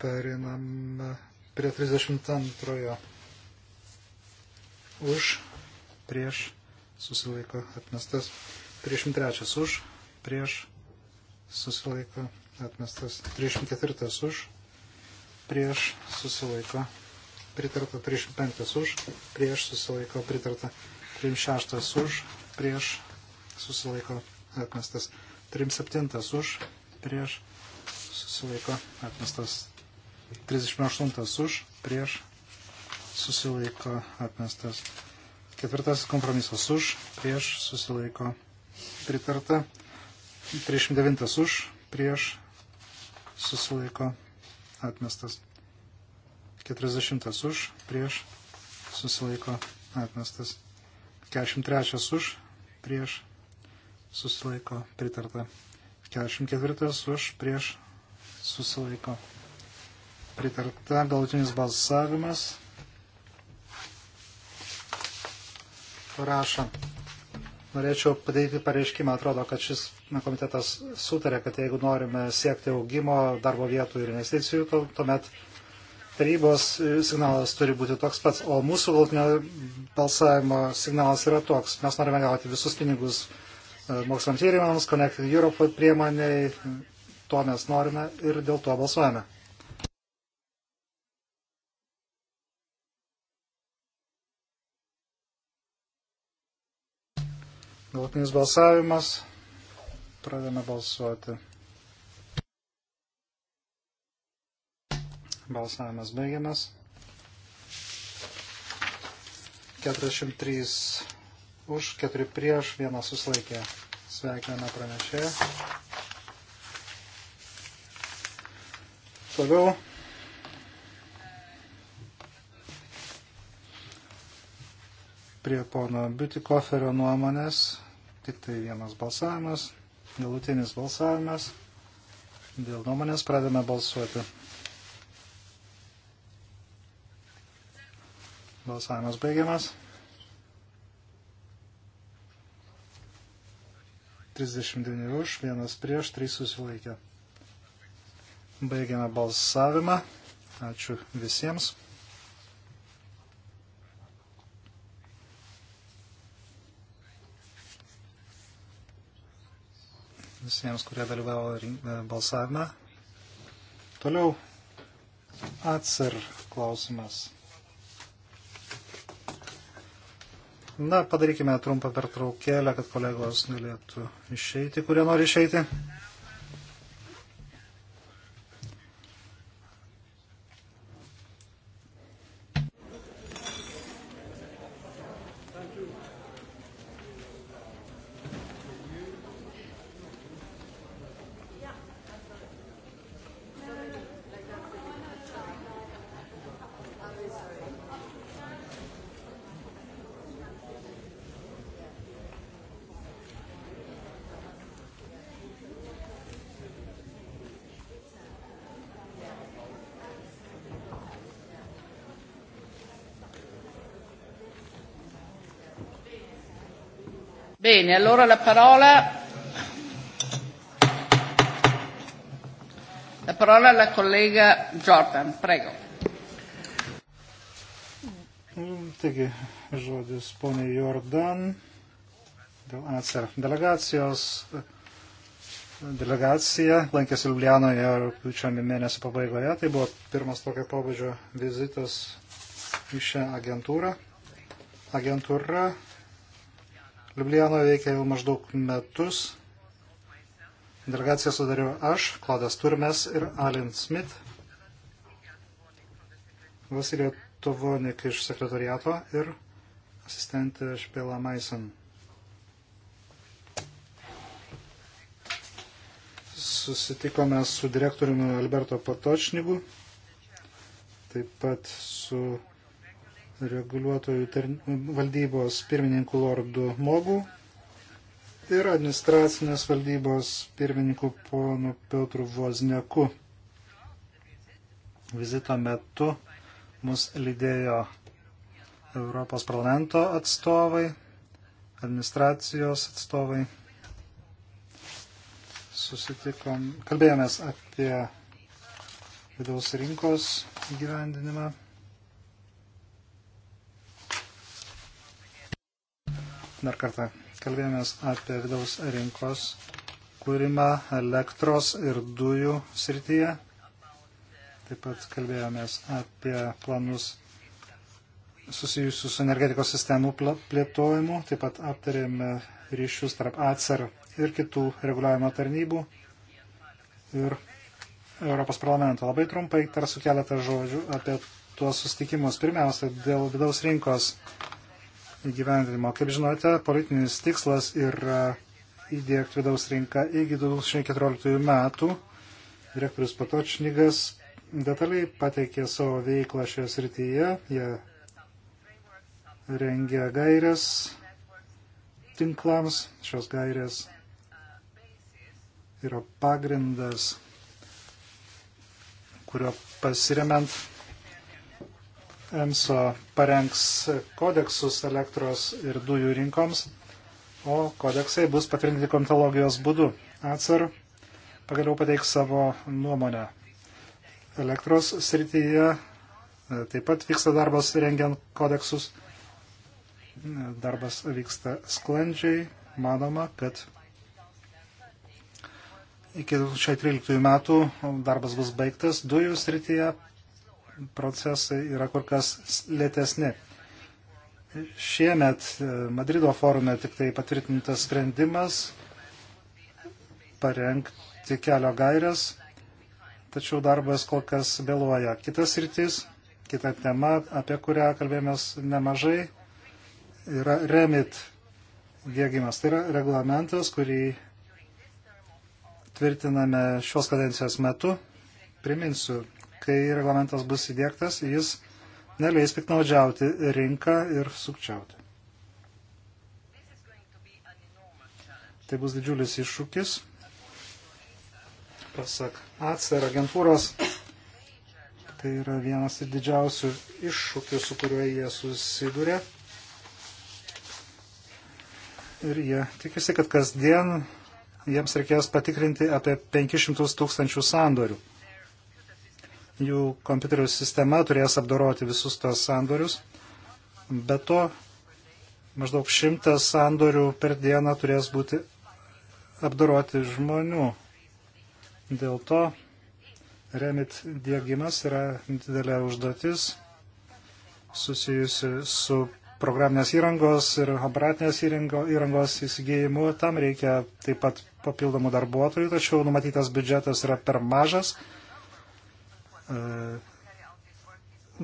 Perinam prie 32. Už, prieš susilaiko atmestas. 33 už, prieš susilaiko atmestas. 34 už, prieš susilaiko pritarta. 35 už, prieš susilaiko pritarta. 36 už, prieš susilaiko atmestas. 37 už, prieš susilaiko atmestas. 38 už, prieš susilaiko atmestas. Ketvirtas kompromisas už, prieš susilaiko pritarta. 39 už, prieš susilaiko atmestas. 40 už, prieš susilaiko atmestas. 43 už, prieš susilaiko pritarta. 44 už, prieš susilaiko pritarta. Galutinis balsavimas rašo. Norėčiau padaryti pareiškimą, atrodo, kad šis komitetas sutarė, kad jeigu norime siekti augimo, darbo vietų ir investicijų, tuomet tarybos signalas turi būti toks pats, o mūsų galtinio balsavimo signalas yra toks. Mes norime gauti visus pinigus e, moksliniams tyrimams, Connect Europe priemoniai, to mes norime ir dėl to balsuojame. Galutinis balsavimas. Pradame balsuoti. Balsavimas baigiamas. 43 už, 4 prieš, 1 susilaikė. Sveikiname pranešėją. Toliau. Prie pono Biutikoferio nuomonės Tik tai vienas balsavimas, galutinis balsavimas. Dėl nuomonės pradame balsuoti. Balsavimas baigiamas. 39 už, 1 prieš, 3 susilaikė. Baigiame balsavimą. Ačiū visiems. visiems, kurie dalyvavo e, balsavime. Toliau atsir klausimas. Na, padarykime trumpą pertraukėlę, kad kolegos galėtų išeiti, kurie nori išeiti. Bene, allora la parola, la parola alla collega Jordan, prego. Taigi, žodis ponė Jordan dėl ACER delegacijos. Delegacija lankėsi Ljubljanoje rūpiučio mėnesio pabaigoje. Tai buvo pirmas tokio pobūdžio vizitas į šią agentūrą. Agentūra Liublianoje veikia jau maždaug metus. Delegaciją sudariau aš, Klaudas Turmes ir Alin Smith, Vasilija Tovonik iš sekretariato ir asistentė Špėla Maison. susitikome su direktoriumi Alberto Patočnygu, taip pat su reguliuotojų tarn... valdybos pirmininkų lordų Mogų ir administracinės valdybos pirmininkų ponų Piotrų Vozneku. Vizito metu mus lydėjo Europos parlamento atstovai, administracijos atstovai. Susitikom, kalbėjomės apie vidaus rinkos gyvendinimą. dar kartą kalbėjomės apie vidaus rinkos kūrimą elektros ir dujų srityje. Taip pat kalbėjomės apie planus susijusius su energetikos sistemų plėtojimu. Taip pat aptarėme ryšius tarp ACER ir kitų reguliavimo tarnybų ir Europos parlamento. Labai trumpai tarsiu keletą žodžių apie tuos sustikimus. Pirmiausia, dėl vidaus rinkos įgyvendinimo. Kaip žinote, politinis tikslas yra įdėkti vidaus rinką iki 2014 metų. Direktorius Patočnygas detaliai pateikė savo veiklą šioje srityje. Jie rengia gairias tinklams. Šios gairės yra pagrindas, kurio pasiremiant EMSO parengs kodeksus elektros ir dujų rinkoms, o kodeksai bus patvirtinti komitologijos būdu. Atsar pagaliau pateiks savo nuomonę. Elektros srityje e, taip pat vyksta darbas rengiant kodeksus. Darbas vyksta sklandžiai. Manoma, kad iki 2013 metų darbas bus baigtas. Dujų srityje procesai yra kur kas lėtesni. Šiemet e, Madrido forume tik tai patvirtintas sprendimas parengti kelio gairias, tačiau darbas kol kas vėluoja. Kitas rytis, kita tema, apie kurią kalbėjomės nemažai, yra remit dėgymas. Tai yra reglamentas, kurį tvirtiname šios kadencijos metu. Priminsiu, kai reglamentas bus įdėktas, jis neleis piknaudžiauti rinką ir sukčiauti. Tai bus didžiulis iššūkis. Pasak ACER agentūros, tai yra vienas iš didžiausių iššūkių, su kuriuo jie susiduria. Ir jie tikisi, kad kasdien jiems reikės patikrinti apie 500 tūkstančių sandorių jų kompiuterių sistema turės apdoroti visus tos sandorius. Be to, maždaug šimtas sandorių per dieną turės būti apdoroti žmonių. Dėl to remit dėgymas yra didelė užduotis susijusi su programinės įrangos ir aparatinės įrangos įsigijimu. Tam reikia taip pat papildomų darbuotojų, tačiau numatytas biudžetas yra per mažas E,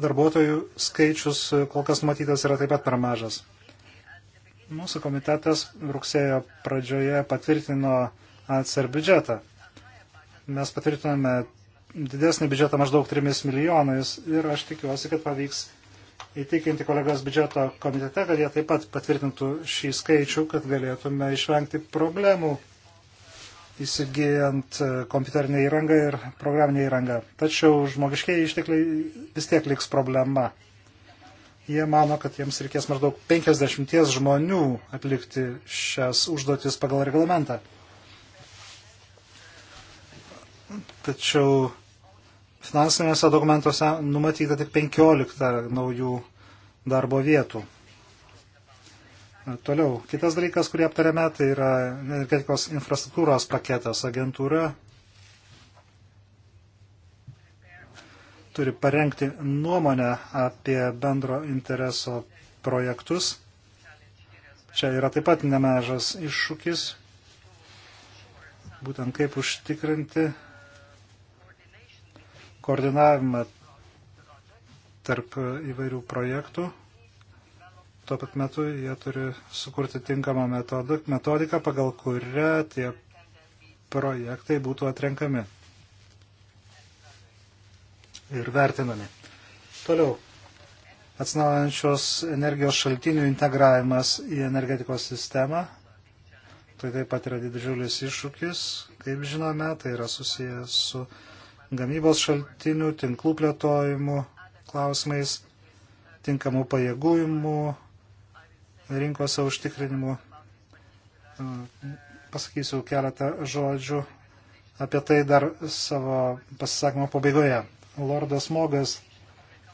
darbuotojų skaičius kol kas matytas yra taip pat per mažas. Mūsų komitetas rugsėjo pradžioje patvirtino atsar biudžetą. Mes patvirtinome didesnį biudžetą maždaug 3 milijonais ir aš tikiuosi, kad pavyks įtikinti kolegas biudžeto komitete, kad jie taip pat patvirtintų šį skaičių, kad galėtume išvengti problemų įsigijant e, kompiuterinę įrangą ir programinę įrangą. Tačiau žmogiškiai ištekliai vis tiek liks problema. Jie mano, kad jiems reikės maždaug 50 žmonių atlikti šias užduotis pagal reglamentą. Tačiau finansinėse dokumentuose numatyta tik 15 naujų darbo vietų. Toliau, kitas dalykas, kurį aptarėme, tai yra energetikos infrastruktūros paketas. Agentūra turi parengti nuomonę apie bendro intereso projektus. Čia yra taip pat nemažas iššūkis, būtent kaip užtikrinti koordinavimą tarp įvairių projektų tuo pat metu jie turi sukurti tinkamą metodiką, pagal kurią tie projektai būtų atrenkami ir vertinami. Toliau. Atsinaujančios energijos šaltinių integravimas į energetikos sistemą. Tai taip pat yra didžiulis iššūkis, kaip žinome, tai yra susijęs su gamybos šaltinių, tinklų plėtojimu, klausimais, tinkamų pajėgumų rinkose užtikrinimu. E, pasakysiu keletą žodžių apie tai dar savo pasisakymo pabaigoje. Lordas Mogas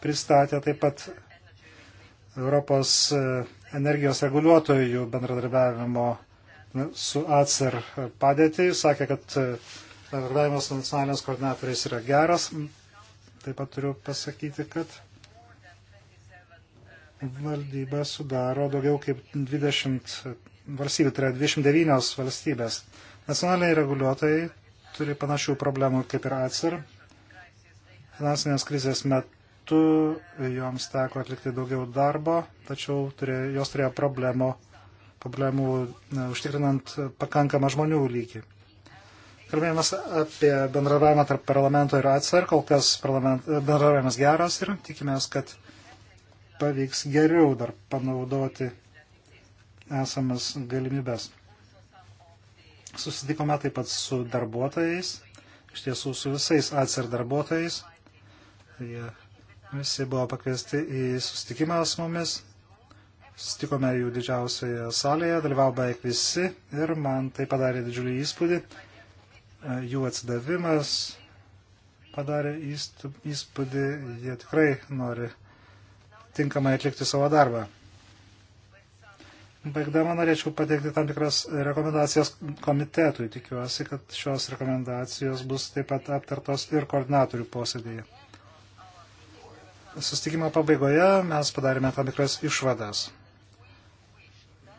pristatė taip pat Europos e, energijos reguliuotojų bendradarbiavimo su ACER padėtį. Sakė, kad e, bendradarbiavimas su nacionalinės koordinatoriais yra geras. Taip pat turiu pasakyti, kad valdybą sudaro daugiau kaip 20 valstybių, tai yra 29 valstybės. Nacionaliniai reguliuotojai turi panašių problemų kaip ir ACIR. Finansinės krizės metu joms teko atlikti daugiau darbo, tačiau turė, jos turėjo problemų, problemų ne, užtikrinant pakankamą žmonių lygį. Kalbėjimas apie bendravimą tarp parlamento ir ACR, kol kas e, bendravimas geras ir tikimės, kad pavyks geriau dar panaudoti esamas galimybės. Susitikome taip pat su darbuotojais, iš tiesų su visais ACER darbuotojais. Jie visi buvo pakviesti į susitikimą su mumis. Susitikome jų didžiausioje salėje, dalyvavo beveik visi ir man tai padarė didžiulį įspūdį. Jų atsidavimas padarė įspūdį, jie tikrai nori tinkamai atlikti savo darbą. Baigdama norėčiau pateikti tam tikras rekomendacijas komitetui. Tikiuosi, kad šios rekomendacijos bus taip pat aptartos ir koordinatorių posėdėje. Sustikimo pabaigoje mes padarėme tam tikras išvadas.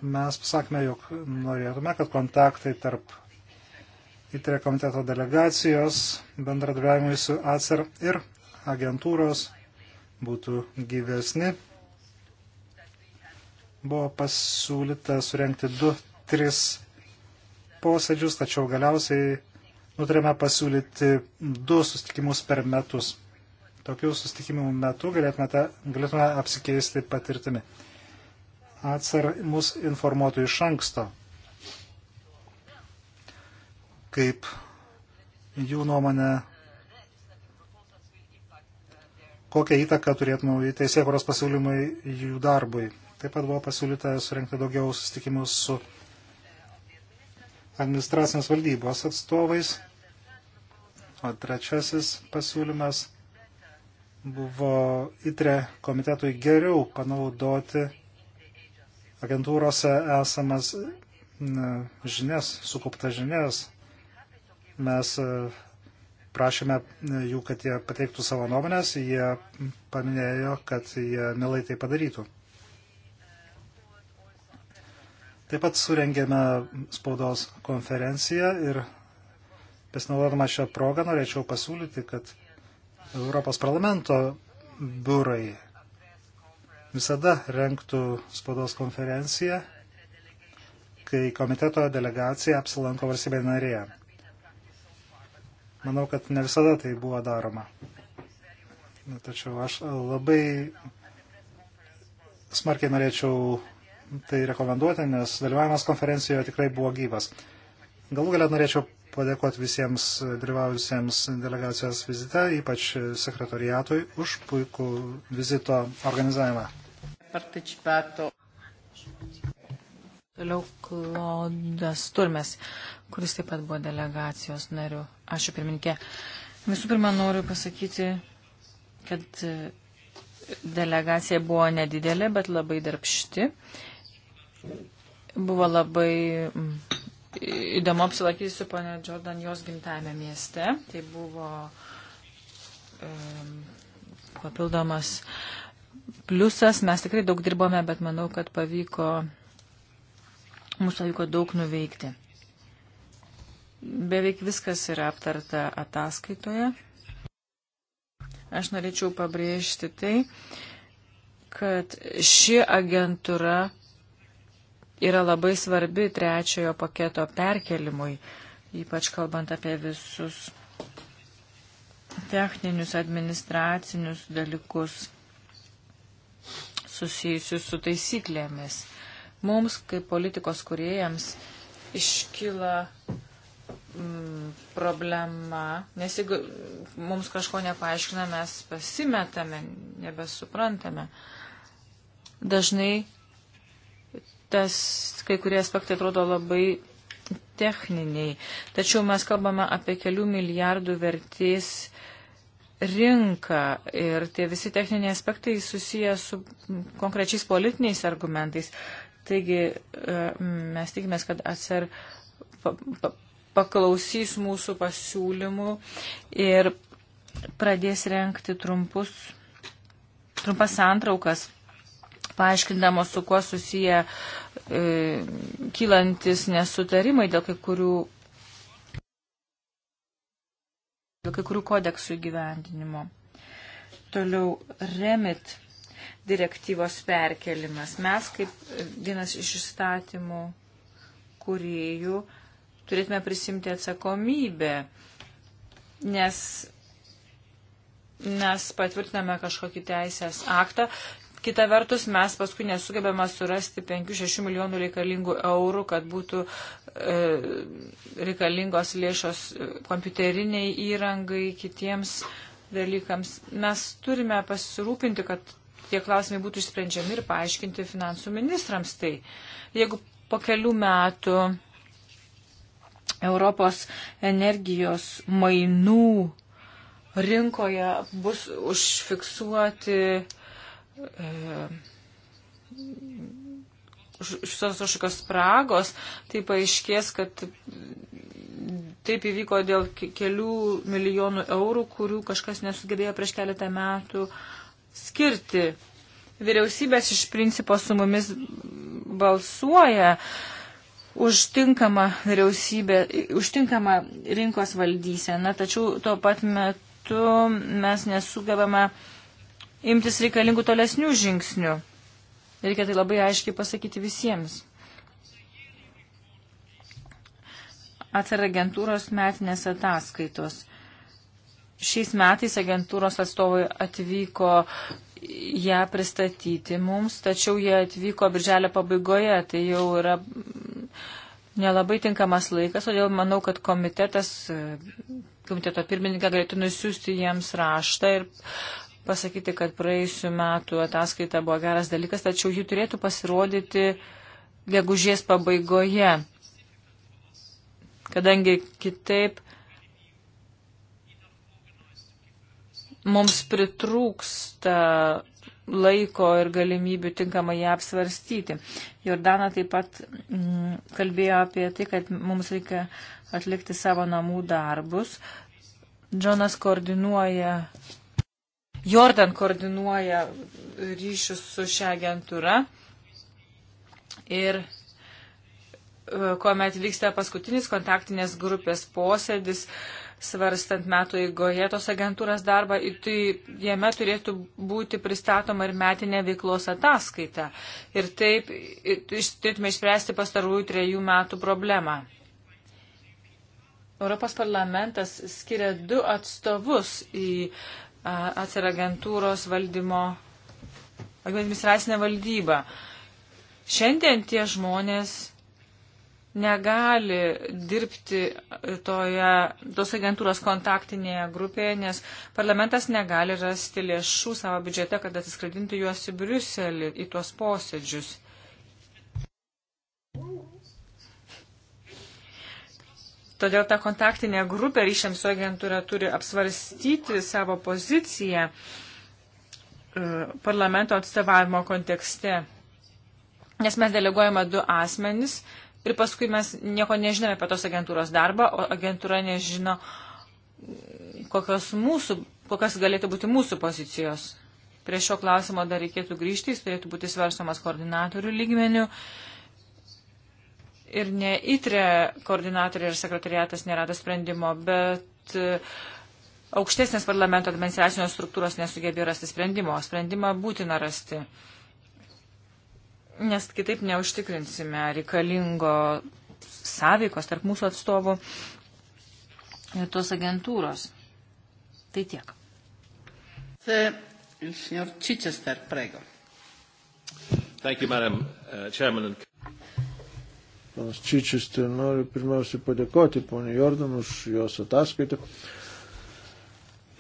Mes pasakėme, jog norėtume, kad kontaktai tarp įtrė komiteto delegacijos bendradarbiavimui su ACER ir agentūros būtų gyvesni. Buvo pasiūlyta surenkti 2-3 posėdžius, tačiau galiausiai nutarėme pasiūlyti 2 susitikimus per metus. Tokių susitikimų metu galėtume, ta, galėtume apsikeisti patirtimi. Atsar mus informuotų iš anksto, kaip jų nuomonė kokią įtaką turėtų nauji teisėkuros pasiūlymai jų darbui. Taip pat buvo pasiūlyta surinkti daugiau susitikimų su administracinės valdybos atstovais. O trečiasis pasiūlymas buvo ITRE komitetui geriau panaudoti agentūrose esamas žinias, sukauptas žinias. Mes prašėme e, jų, kad jie pateiktų savo nuomonės, jie paminėjo, kad jie mielai tai padarytų. Taip pat surengėme spaudos konferenciją ir pasinaudodama šią progą norėčiau pasiūlyti, kad Europos parlamento biurai visada renktų spaudos konferenciją, kai komiteto delegacija apsilanko valstybė narėje. Manau, kad ne visada tai buvo daroma. Tačiau aš labai smarkiai norėčiau tai rekomenduoti, nes dalyvavimas konferencijoje tikrai buvo gyvas. Galų galę norėčiau padėkoti visiems dalyvavusiems delegacijos vizite, ypač sekretoriatui, už puikų vizito organizavimą. Participato. Toliau Klodas Turmes kuris taip pat buvo delegacijos nariu. Ačiū pirminkė. Visų pirma, noriu pasakyti, kad e, delegacija buvo nedidelė, bet labai darbšti. Buvo labai įdomu apsilankyti su ponia Jordan jos gimtajame mieste. Tai buvo um, papildomas pliusas. Mes tikrai daug dirbome, bet manau, kad pavyko, mums pavyko daug nuveikti. Beveik viskas yra aptarta ataskaitoje. Aš norėčiau pabrėžti tai, kad ši agentūra yra labai svarbi trečiojo paketo perkelimui, ypač kalbant apie visus techninius administracinius dalykus susijusius su taisyklėmis. Mums, kaip politikos kuriejams, iškyla mm, problema, nes jeigu mums kažko nepaaiškina, mes pasimetame, nebesuprantame. Dažnai tas kai kurie aspektai atrodo labai techniniai, tačiau mes kalbame apie kelių milijardų vertės rinką ir tie visi techniniai aspektai susiję su konkrečiais politiniais argumentais. Taigi e, mes tikimės, kad atsar paklausys mūsų pasiūlymų ir pradės renkti trumpus, trumpas santraukas, paaiškindamos, su kuo susiję e, kylantis nesutarimai dėl kai kurių, dėl kai kurių kodeksų įgyvendinimo. Toliau remit direktyvos perkelimas. Mes kaip vienas iš įstatymų kuriejų turėtume prisimti atsakomybę, nes mes patvirtiname kažkokį teisės aktą. Kita vertus, mes paskui nesugebėme surasti 5-6 milijonų reikalingų eurų, kad būtų e, reikalingos lėšos kompiuteriniai įrangai, kitiems dalykams. Mes turime pasirūpinti, kad tie klausimai būtų išsprendžiami ir paaiškinti finansų ministrams. Tai jeigu po kelių metų Europos energijos mainų rinkoje bus užfiksuoti e, šios kažkokios spragos, tai paaiškės, kad taip įvyko dėl kelių milijonų eurų, kurių kažkas nesugebėjo prieš keletą metų skirti. Vyriausybės iš principo su mumis balsuoja. Uh, užtinkama vyriausybė, užtinkama rinkos valdysena, tačiau tuo pat metu mes nesugebame imtis reikalingų tolesnių žingsnių. Reikia tai labai aiškiai pasakyti visiems. Atsar agentūros metinės ataskaitos. Šiais metais agentūros atstovai atvyko ją pristatyti mums, tačiau jie atvyko birželio pabaigoje, tai jau yra nelabai tinkamas laikas, todėl manau, kad komitetas, komiteto pirmininką galėtų nusiųsti jiems raštą ir pasakyti, kad praėjusiu metu ataskaita buvo geras dalykas, tačiau ji turėtų pasirodyti gegužės pabaigoje, kadangi kitaip mums pritrūksta laiko ir galimybių tinkamai ją apsvarstyti. Jordana taip pat mm, kalbėjo apie tai, kad mums reikia atlikti savo namų darbus. Džonas koordinuoja, Jordan koordinuoja ryšius su šią agentūrą ir e, kuomet vyksta paskutinis kontaktinės grupės posėdis, uh, svarstant metų eigoje tos agentūros darbą, tai jame turėtų būti pristatoma ir metinė veiklos ataskaita. Ir taip turėtume išspręsti pastarųjų trejų metų problemą. Europos parlamentas skiria du atstovus į atsir agentūros valdymo, administracinę valdybą. Šiandien tie žmonės negali dirbti toje, tos agentūros kontaktinėje grupėje, nes parlamentas negali rasti lėšų savo biudžete, kad atsiskradinti juos į Briuselį, į tuos posėdžius. Todėl ta kontaktinė grupė ryšiams su agentūra turi apsvarstyti savo poziciją e, parlamento atstovavimo kontekste. Nes mes deleguojame du asmenis, ir paskui mes nieko nežinome apie tos agentūros darbą, o agentūra nežino, kokios, mūsų, kokios galėtų būti mūsų pozicijos. Prie šio klausimo dar reikėtų grįžti, jis turėtų būti svarstomas koordinatorių lygmenių. Ir ne itre koordinatoriai ir sekretariatas nerado sprendimo, bet e, aukštesnės parlamento administracinės struktūros nesugebėjo rasti sprendimo. Sprendimą būtina rasti. Uh, nes kitaip neužtikrinsime reikalingo sąveikos tarp mūsų atstovų ir tos agentūros. Tai tiek. Thank you, Madam uh, Chairman. Panas Čičistė, noriu pirmiausiai padėkoti poniai Jordan už jos ataskaitą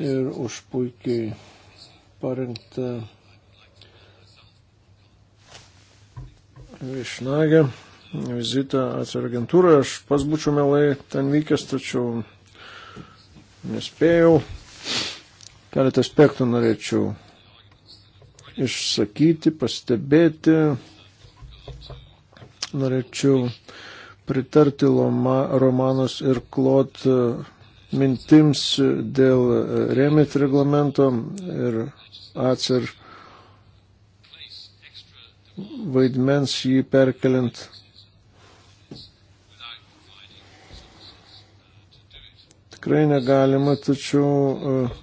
ir už puikiai parengtą viešnagę, vizitą atsir agentūroje. Aš pas būčiau mielai ten vykęs, tačiau nespėjau. Keletą aspektų norėčiau išsakyti, pastebėti. Norėčiau pritarti Loma, Romanos ir Klot mintims dėl remit reglamento ir atsir reglamento vaidmens jį perkeliant tikrai negalima, tačiau uh,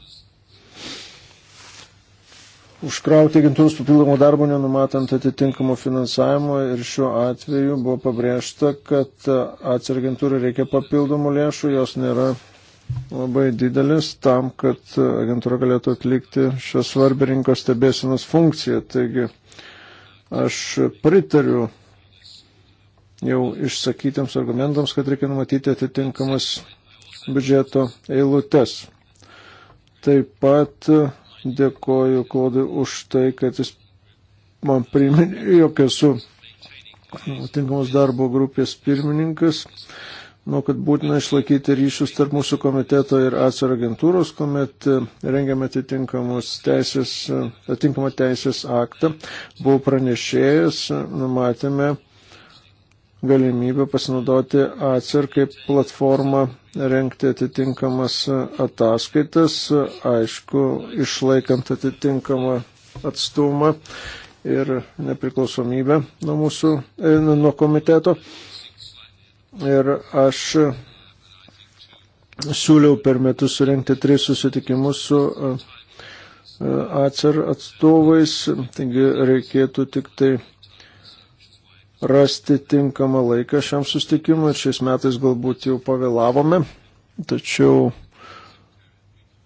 užkrauti agentūros papildomų darbų nenumatant atitinkamo finansavimo ir šiuo atveju buvo pabrėžta, kad uh, atsargentūrai reikia papildomų lėšų, jos nėra labai didelis tam, kad uh, agentūra galėtų atlikti šią svarbę rinkos stebėsinos funkciją. Taigi Aš pritariu jau išsakytiems argumentams, kad reikia numatyti atitinkamas biudžeto eilutes. Taip pat dėkoju Klodui už tai, kad jis man priminė, jog esu atitinkamos darbo grupės pirmininkas Manau, kad būtina išlaikyti ryšius tarp mūsų komiteto ir atsar agentūros, kuomet e, rengiame teisės, e, atitinkamą teisės aktą. Buvau pranešėjęs, e, numatėme galimybę pasinaudoti atsar kaip platformą renkti atitinkamas ataskaitas, aišku, išlaikant atitinkamą atstumą ir nepriklausomybę nuo mūsų, nuo komiteto ir aš siūliau per metus surenkti tris susitikimus su e, e, ACER atstovais, taigi reikėtų tik tai rasti tinkamą laiką šiam sustikimui ir šiais metais galbūt jau pavėlavome, tačiau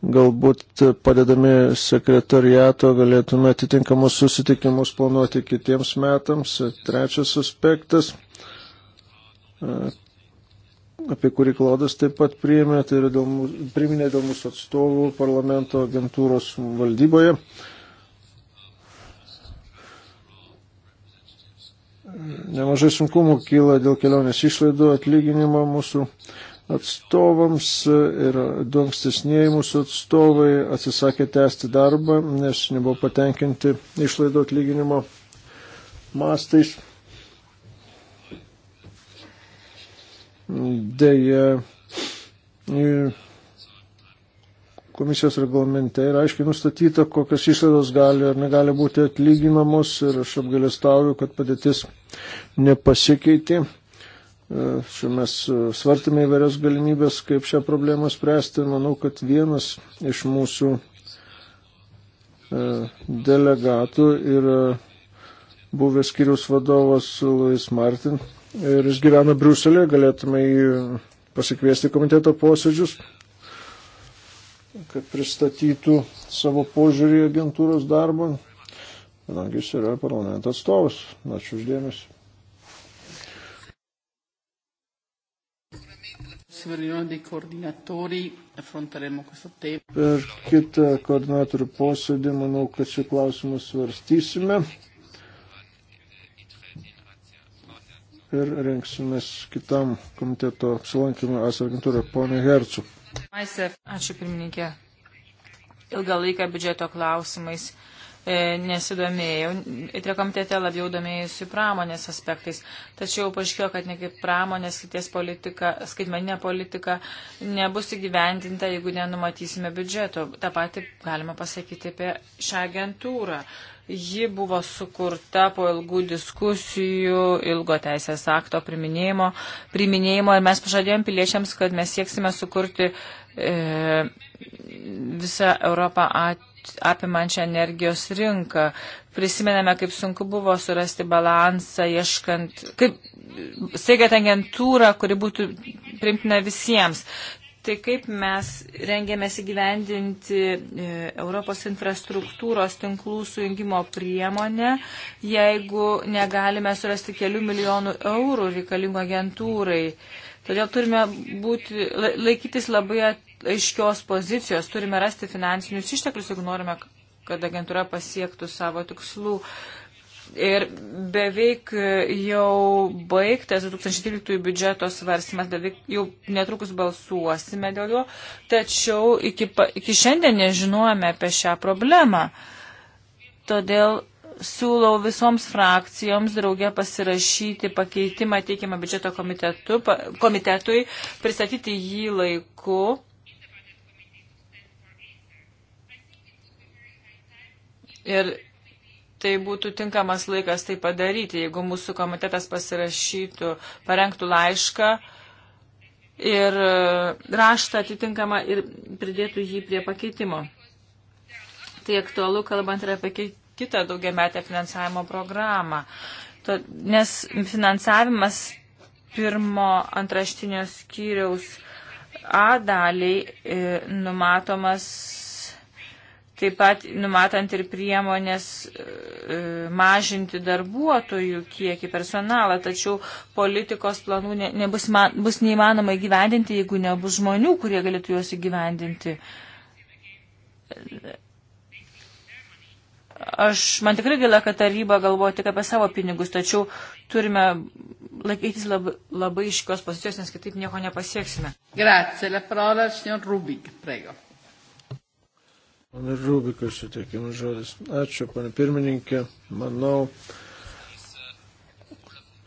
galbūt padedami sekretariato galėtume atitinkamus susitikimus planuoti kitiems metams. Trečias aspektas E, apie kurį Klaudas taip pat priėmė, tai yra dėl, priminė dėl mūsų atstovų parlamento agentūros valdyboje. Nemažai sunkumų kyla dėl kelionės išlaidų atlyginimo mūsų atstovams ir du ankstesnėji mūsų atstovai atsisakė tęsti darbą, nes nebuvo patenkinti išlaidų atlyginimo mastais. Deja, komisijos reglamente yra aiškiai nustatyta, kokios išlaidos gali ar negali būti atlyginamos ir aš apgalėstauju, kad padėtis nepasikeitė. Šiuo e, mes e, svartėme įvairias galimybės, kaip šią problemą spręsti. Manau, kad vienas iš mūsų e, delegatų yra buvęs skiriaus vadovas Louis Martin, ir jis gyvena Briuselėje, galėtume jį pasikviesti komiteto posėdžius, kad pristatytų savo požiūrį agentūros darbą, kadangi jis yra parlamento atstovas. Ačiū uždėmesi. Per kitą koordinatorių posėdį manau, kad šį klausimą svarstysime. ir rengsimės kitam komiteto apsilankimui ASA agentūroje. Pone Hercu. Ačiū pirmininkė. Ilgą laiką biudžeto klausimais e, nesidomėjau. Įtrio komitete labiau domėjusi pramonės aspektais. Tačiau paaiškėjo, kad negi pramonės skaities politika, skaitmeninė politika nebus įgyvendinta, jeigu nenumatysime biudžeto. Ta pati galima pasakyti apie šią agentūrą. Ji buvo sukurta po ilgų diskusijų, ilgo teisės akto priminėjimo, priminėjimo ir mes pažadėjom piliečiams, kad mes sieksime sukurti e, visą Europą at, apimančią energijos rinką. Prisimename, kaip sunku buvo surasti balansą, ieškant, kaip steigiant agentūrą, kuri būtų primtina visiems. Tai kaip mes rengėmės įgyvendinti e, Europos infrastruktūros tinklų sujungimo priemonę, jeigu negalime surasti kelių milijonų eurų reikalingų agentūrai. Todėl turime būti, laikytis labai aiškios pozicijos, turime rasti finansinius išteklius, jeigu norime, kad agentūra pasiektų savo tikslų. Ir beveik jau baigtas 2013 biudžeto svarstymas, beveik jau netrukus balsuosime dėl jo, tačiau iki, iki šiandien nežinojame apie šią problemą. Todėl siūlau visoms frakcijoms draugė pasirašyti pakeitimą teikiamą biudžeto komitetu, pa, komitetui, pristatyti jį laiku. Ir tai būtų tinkamas laikas tai padaryti, jeigu mūsų komitetas pasirašytų, parengtų laišką ir e, raštą atitinkamą ir pridėtų jį prie pakeitimo. Tai aktualu, kalbant ir apie kitą daugiametę finansavimo programą. Nes finansavimas pirmo antraštinio skyriaus A daliai e, numatomas taip pat numatant ir priemonės e, mažinti darbuotojų kiekį personalą, tačiau politikos planų ne, nebus man, bus neįmanoma įgyvendinti, jeigu nebus žmonių, kurie galėtų juos įgyvendinti. Aš, man tikrai gaila, kad taryba galvoja tik apie savo pinigus, tačiau turime laikytis labai, labai iškios pozicijos, nes kitaip nieko nepasieksime. Grazie, la parola, signor Rubik, prego. Man ir Rubikas suteikimas žodis. Ačiū, pane pirmininkė. Manau,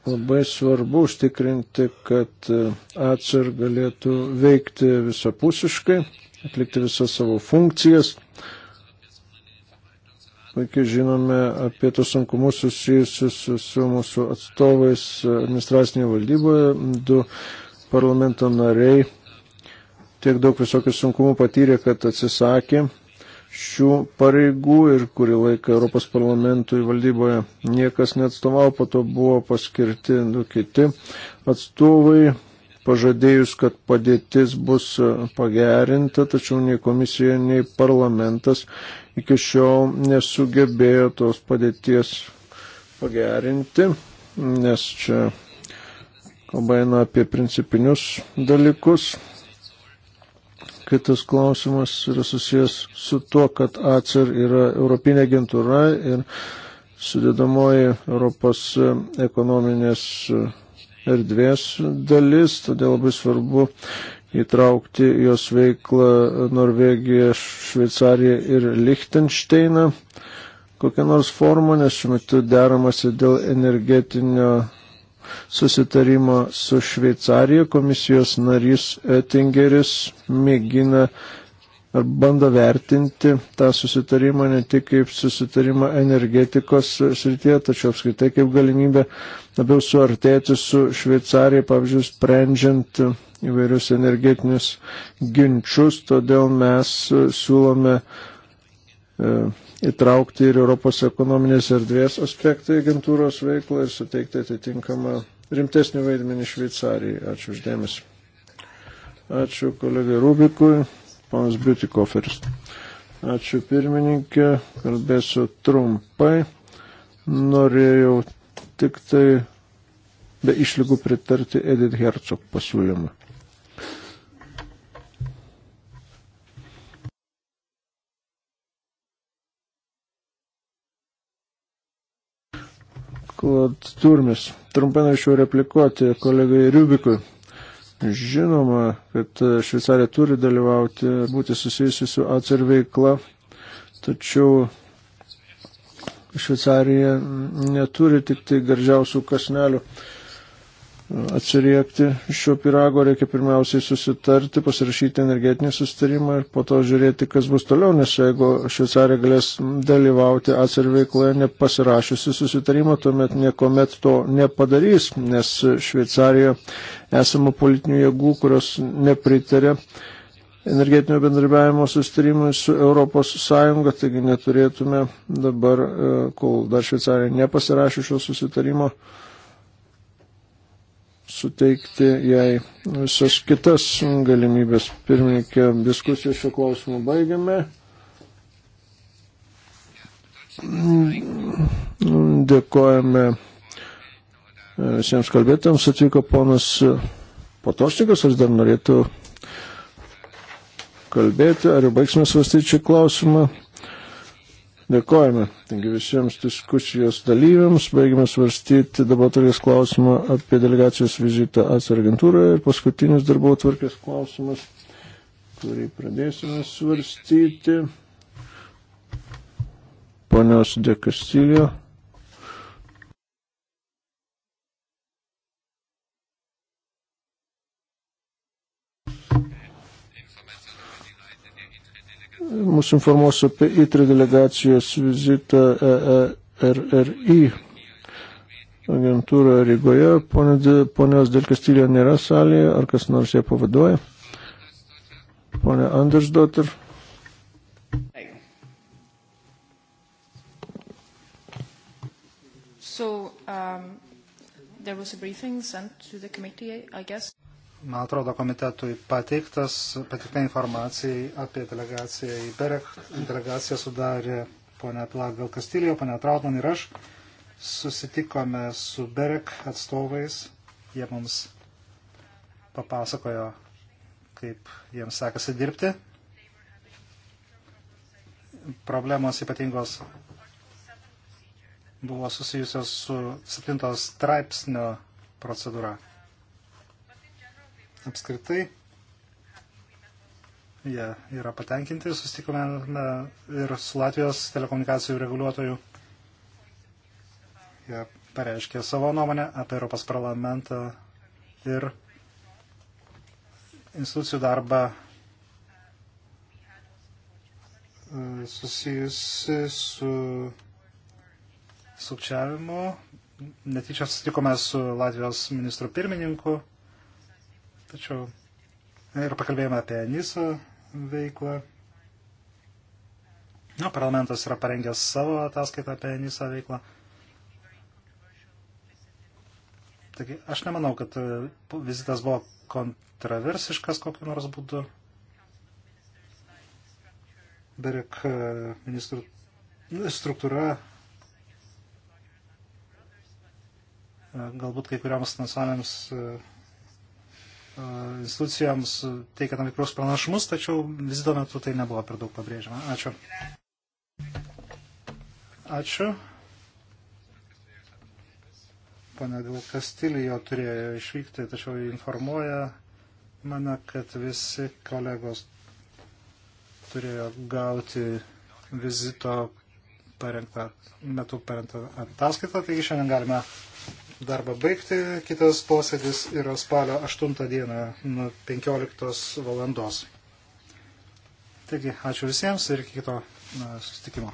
labai svarbu užtikrinti, kad e, atsar galėtų veikti visapusiškai, atlikti visas savo funkcijas. Puikiai žinome apie tos sunkumus susijusius su, su mūsų atstovais e, administracinėje valdyboje. Du parlamento nariai tiek daug visokių sunkumų patyrė, kad atsisakė šių pareigų ir kurį laiką Europos parlamentui valdyboje niekas neatstovavo, po to buvo paskirti du kiti atstovai, pažadėjus, kad padėtis bus e, pagerinta, tačiau nei komisija, nei parlamentas iki šiol nesugebėjo tos padėties pagerinti, nes čia kalba eina apie principinius dalykus, Kitas klausimas yra susijęs su tuo, kad ACER yra Europinė agentūra ir sudėdamoji Europos ekonominės erdvės dalis, todėl labai svarbu įtraukti jos veiklą Norvegiją, Šveicariją ir Lichtensteiną kokią nors formą, nes šiuo metu deramasi dėl energetinio susitarimo su Šveicarija. Komisijos narys Tingeris mėgina ar bando vertinti tą susitarimą ne tik kaip susitarimą energetikos srityje, tačiau apskritai kaip galimybę labiau suartėti su Šveicarija, pavyzdžiui, sprendžiant įvairius energetinius ginčius. Todėl mes siūlome e, įtraukti ir Europos ekonominės erdvės aspektai agentūros veiklą ir suteikti atitinkamą rimtesnį vaidmenį Šveicarijai. Ačiū uždėmesi. Ačiū kolegai Rubikui, panas Biutikoferis. Ačiū pirmininkė, kalbėsiu trumpai. Norėjau tik tai be išlygų pritarti Edith Herzog pasiūlymą. Klod Turmis. Trumpai norėčiau replikuoti kolegai Riubikui. Žinoma, kad e, Šveicarija turi dalyvauti, būti susijusi su ACER veikla, tačiau Šveicarija neturi tik tai gardžiausių kasnelių atsiriekti šio pirago, reikia pirmiausiai susitarti, pasirašyti energetinį sustarimą ir po to žiūrėti, kas bus toliau, nes jeigu Šveicarija galės dalyvauti atsir veikloje nepasirašiusi susitarimą, tuomet niekuomet to nepadarys, nes Šveicarijoje esama politinių jėgų, kurios nepritarė energetinio bendradarbiavimo sustarimui su ES, taigi neturėtume dabar, e, kol dar Šveicarija nepasirašė šio susitarimo, suteikti jai visas kitas galimybės. Pirmininkė, diskusijų šiuo klausimu baigiame. Dėkojame e, visiems kalbėtams. Atvyko ponas Potošnikas, ar dar norėtų kalbėti, ar jau baigsime svarstyti šį klausimą. Dėkojame taigi visiems diskusijos dalyviams. Baigime svarstyti dabar turės klausimą apie delegacijos vizitą ACER agentūroje ir paskutinis darbo tvarkės klausimas, kurį pradėsime svarstyti. Ponios Dekastilio mūsų informuos apie ITRI delegacijos vizitą EERRI agentūrą Rygoje. Ponios Delkastylio nėra salėje, ar kas nors ją pavaduoja? Pone Andersdotter. So, um, there was a briefing sent to the committee, I guess man atrodo, komitetui pateiktas, pateikta informacijai apie delegaciją į Berek. Delegaciją sudarė ponia Plagdėl Kastilijo, ponia Trautman ir aš. Susitikome su Berek atstovais. Jie mums papasakojo, kaip jiems sekasi dirbti. Problemos ypatingos buvo susijusios su 7 straipsnio procedūra apskritai jie ja, yra patenkinti, sustikome ir su Latvijos telekomunikacijų reguliuotojų. Jie ja, pareiškė savo nuomonę apie Europos parlamentą ir institucijų darbą e, susijusi su sukčiavimu. Netyčia susitikome su Latvijos ministru pirmininku Tačiau ir pakalbėjome apie NISO veiklą. Na, parlamentas yra parengęs savo ataskaitą apie NISO veiklą. Taigi, aš nemanau, kad e, vizitas buvo kontroversiškas kokiu nors būdu. Berek e, ministrų nu, struktūra e, galbūt kai kurioms nacionalinėms institucijoms teikia tam tikrus pranašumus, tačiau vizito metu tai nebuvo per daug pabrėžiama. Ačiū. Ačiū. Pane Dėl Kastilijo turėjo išvykti, tačiau informuoja mane, kad visi kolegos turėjo gauti vizito parengtą, metu parengtą ataskaitą, taigi šiandien galime darbą baigti. Kitas posėdis yra spalio 8 dieną nuo 15 valandos. Taigi, ačiū visiems ir iki kito susitikimo.